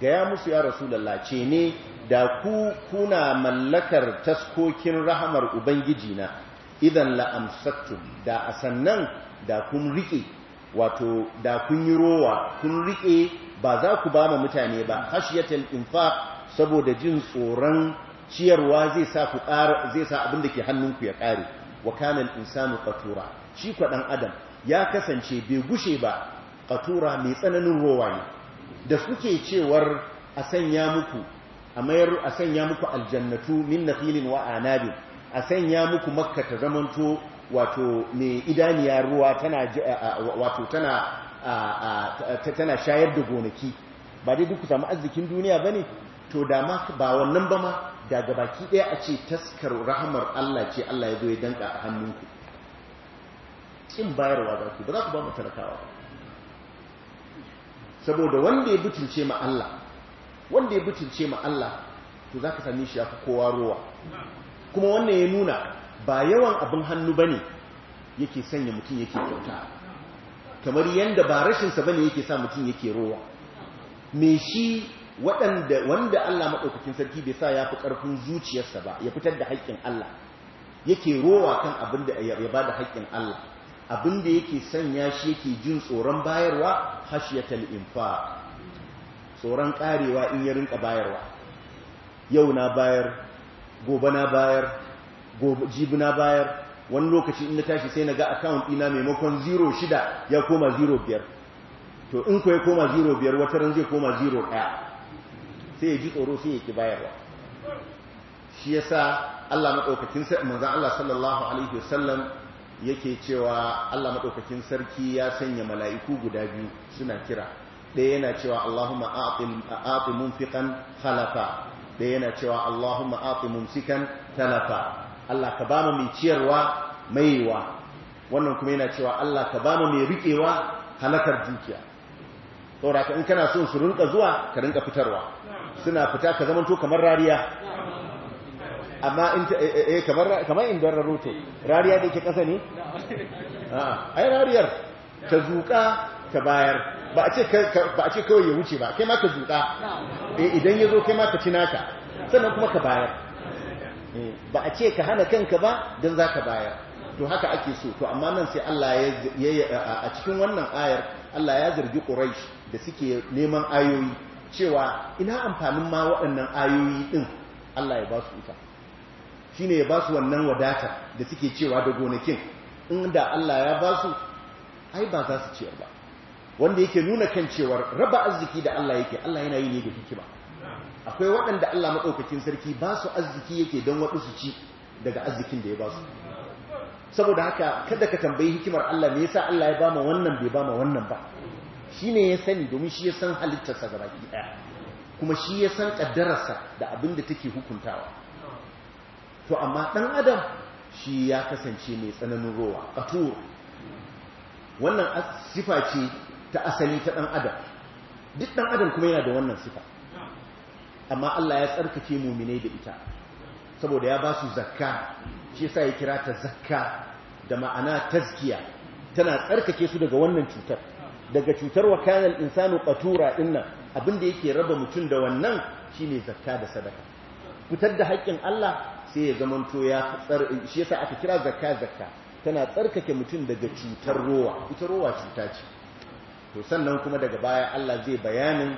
gaya musu ya rasu ce ne da ku kuna mallakar taskokin rahamar ubangiji na idan la Da a sannan, da kun riƙe. wato da kun yi rowa kun riƙe ba za ku ba mutane ba khashiyatul infa saboda jin tsoron ciyarwa zai sa ku zai sa abin da ke hannunku ya ƙare. wa kana al-insanu qatura shi dan adam ya kasance bai gushe ba tura mai tsananin rowa da suke cewar a sanya muku a mayar a sanya muku aljannatu min filin wa anabin a sanya muku makka ta zamanto wato mai idaniya ruwa tana wato tana shayar da gonaki ba dai duk samu arzikin duniya bane to da ma ba wannan ba ma daga baki daya a ce taskar rahamar Allah ce Allah ya zo ya danka a hannunku in bayarwa za ku ba za ku ba mu talakawa saboda wanda ya butulce ma Allah wanda ya butulce ma Allah to za ka sami shi ya fi kowa ruwa kuma wannan ya nuna ba yawan abin hannu ba ne yake sanya mutum yake kyauta kamar yadda ba rashinsa ba ne yake sa mutum yake ruwa me shi waɗanda wanda Allah maɗaukakin sarki bai sa ya fi ƙarfin zuciyarsa ba ya fitar da haƙƙin Allah yake rowa kan abin da ya ba da haƙƙin Allah abin da yake sanya shi yake jin tsoron bayarwa hashiyatal infa tsoron karewa in ya rinka bayarwa yau na bayar gobe na bayar jibi na bayar wani lokaci in na tashi sai na ga account ina maimakon 06 ya koma 05 to in ko ya koma 05 wata ran zai koma 01 sai ya ji tsoro sai ya ki bayarwa shi yasa Allah madaukakin sai manzon Allah sallallahu alaihi wasallam yake cewa Allah maɗaukakin sarki ya sanya mala'iku guda biyu suna kira ɗaya yana cewa Allahumma fi munfiqan halafa. ɗaya yana cewa Allahumma fi kan talafa Allah ka ba mu mai ciyarwa maiwa wannan kuma yana cewa Allah ka ba mu mai riƙewa halakar dukiya saboda in kana son su rinka zuwa ka rinka fitarwa suna fita ka zamanto kamar rariya amma in eh, eh, kamar in dan raroto rariya da yake kasa ne a ai rariyar ta zuka ta bayar ba a ce kawai ya wuce ba kai ma ka zuka eh idan yazo kai ma ka cina ka. sannan kuma ka bayar eh, ba a ce ka hana kanka ba dan zaka bayar to haka ake so to amma nan sai Allah ya a cikin wannan ayar Allah ya zargi Quraysh da suke neman ayoyi cewa ina amfanin ma waɗannan ayoyi din Allah ya ba su ita Shi ne ya su wannan wadata da suke cewa da gonakin inda Allah ya basu ai ba za su ciyar ba wanda yake nuna kan cewar raba arziki da Allah yake Allah yana yi ne da hikima akwai waɗanda Allah maɗaukakin sarki ba su arziki yake don su ci daga arzikin da ya ba su saboda haka kada ka tambayi hikimar Allah me sa Allah ya bama wannan bai bama wannan ba shine ya sani domin shi ya san halittarsa baki ɗaya kuma shi ya san ƙaddararsa da abin da take hukuntawa to amma ɗan adam shi ya kasance mai tsananin rowa ƙatur wannan sifa ce ta asali ta ɗan adam duk ɗan adam kuma yana da wannan sifa amma Allah ya tsarkake muminai da ita saboda ya ba su zakka shi yasa ya kira ta zakka da ma'ana tazkiya tana tsarkake su daga wannan cutar daga cutar wa kanal insanu qatura inna abinda yake raba mutum da wannan shi ne zakka da sadaka fitar da haƙƙin Allah sai ya zamanto ya tsar shi yasa aka kira zakka zakka tana tsarkake mutum daga cutar rowa ita rowa cuta ce to sannan kuma daga baya Allah zai bayanin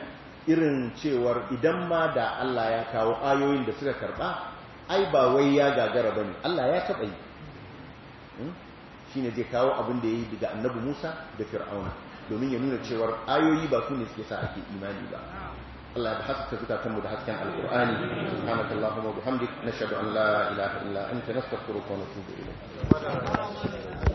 irin cewar idan ma da Allah ya kawo ayoyin da suka karba ai ba wai ya gagara bane Allah ya taba yi hmm? shine zai kawo abin da yayi daga Annabi Musa da Fir'auna domin ya nuna cewar ayoyi ba su ne suke sa ake imani ba الله في زكاة بحثك عن القرآن سبحانك اللهم وبحمدك نشهد أن لا إله إلا أنت نستغفرك ونتوب إليك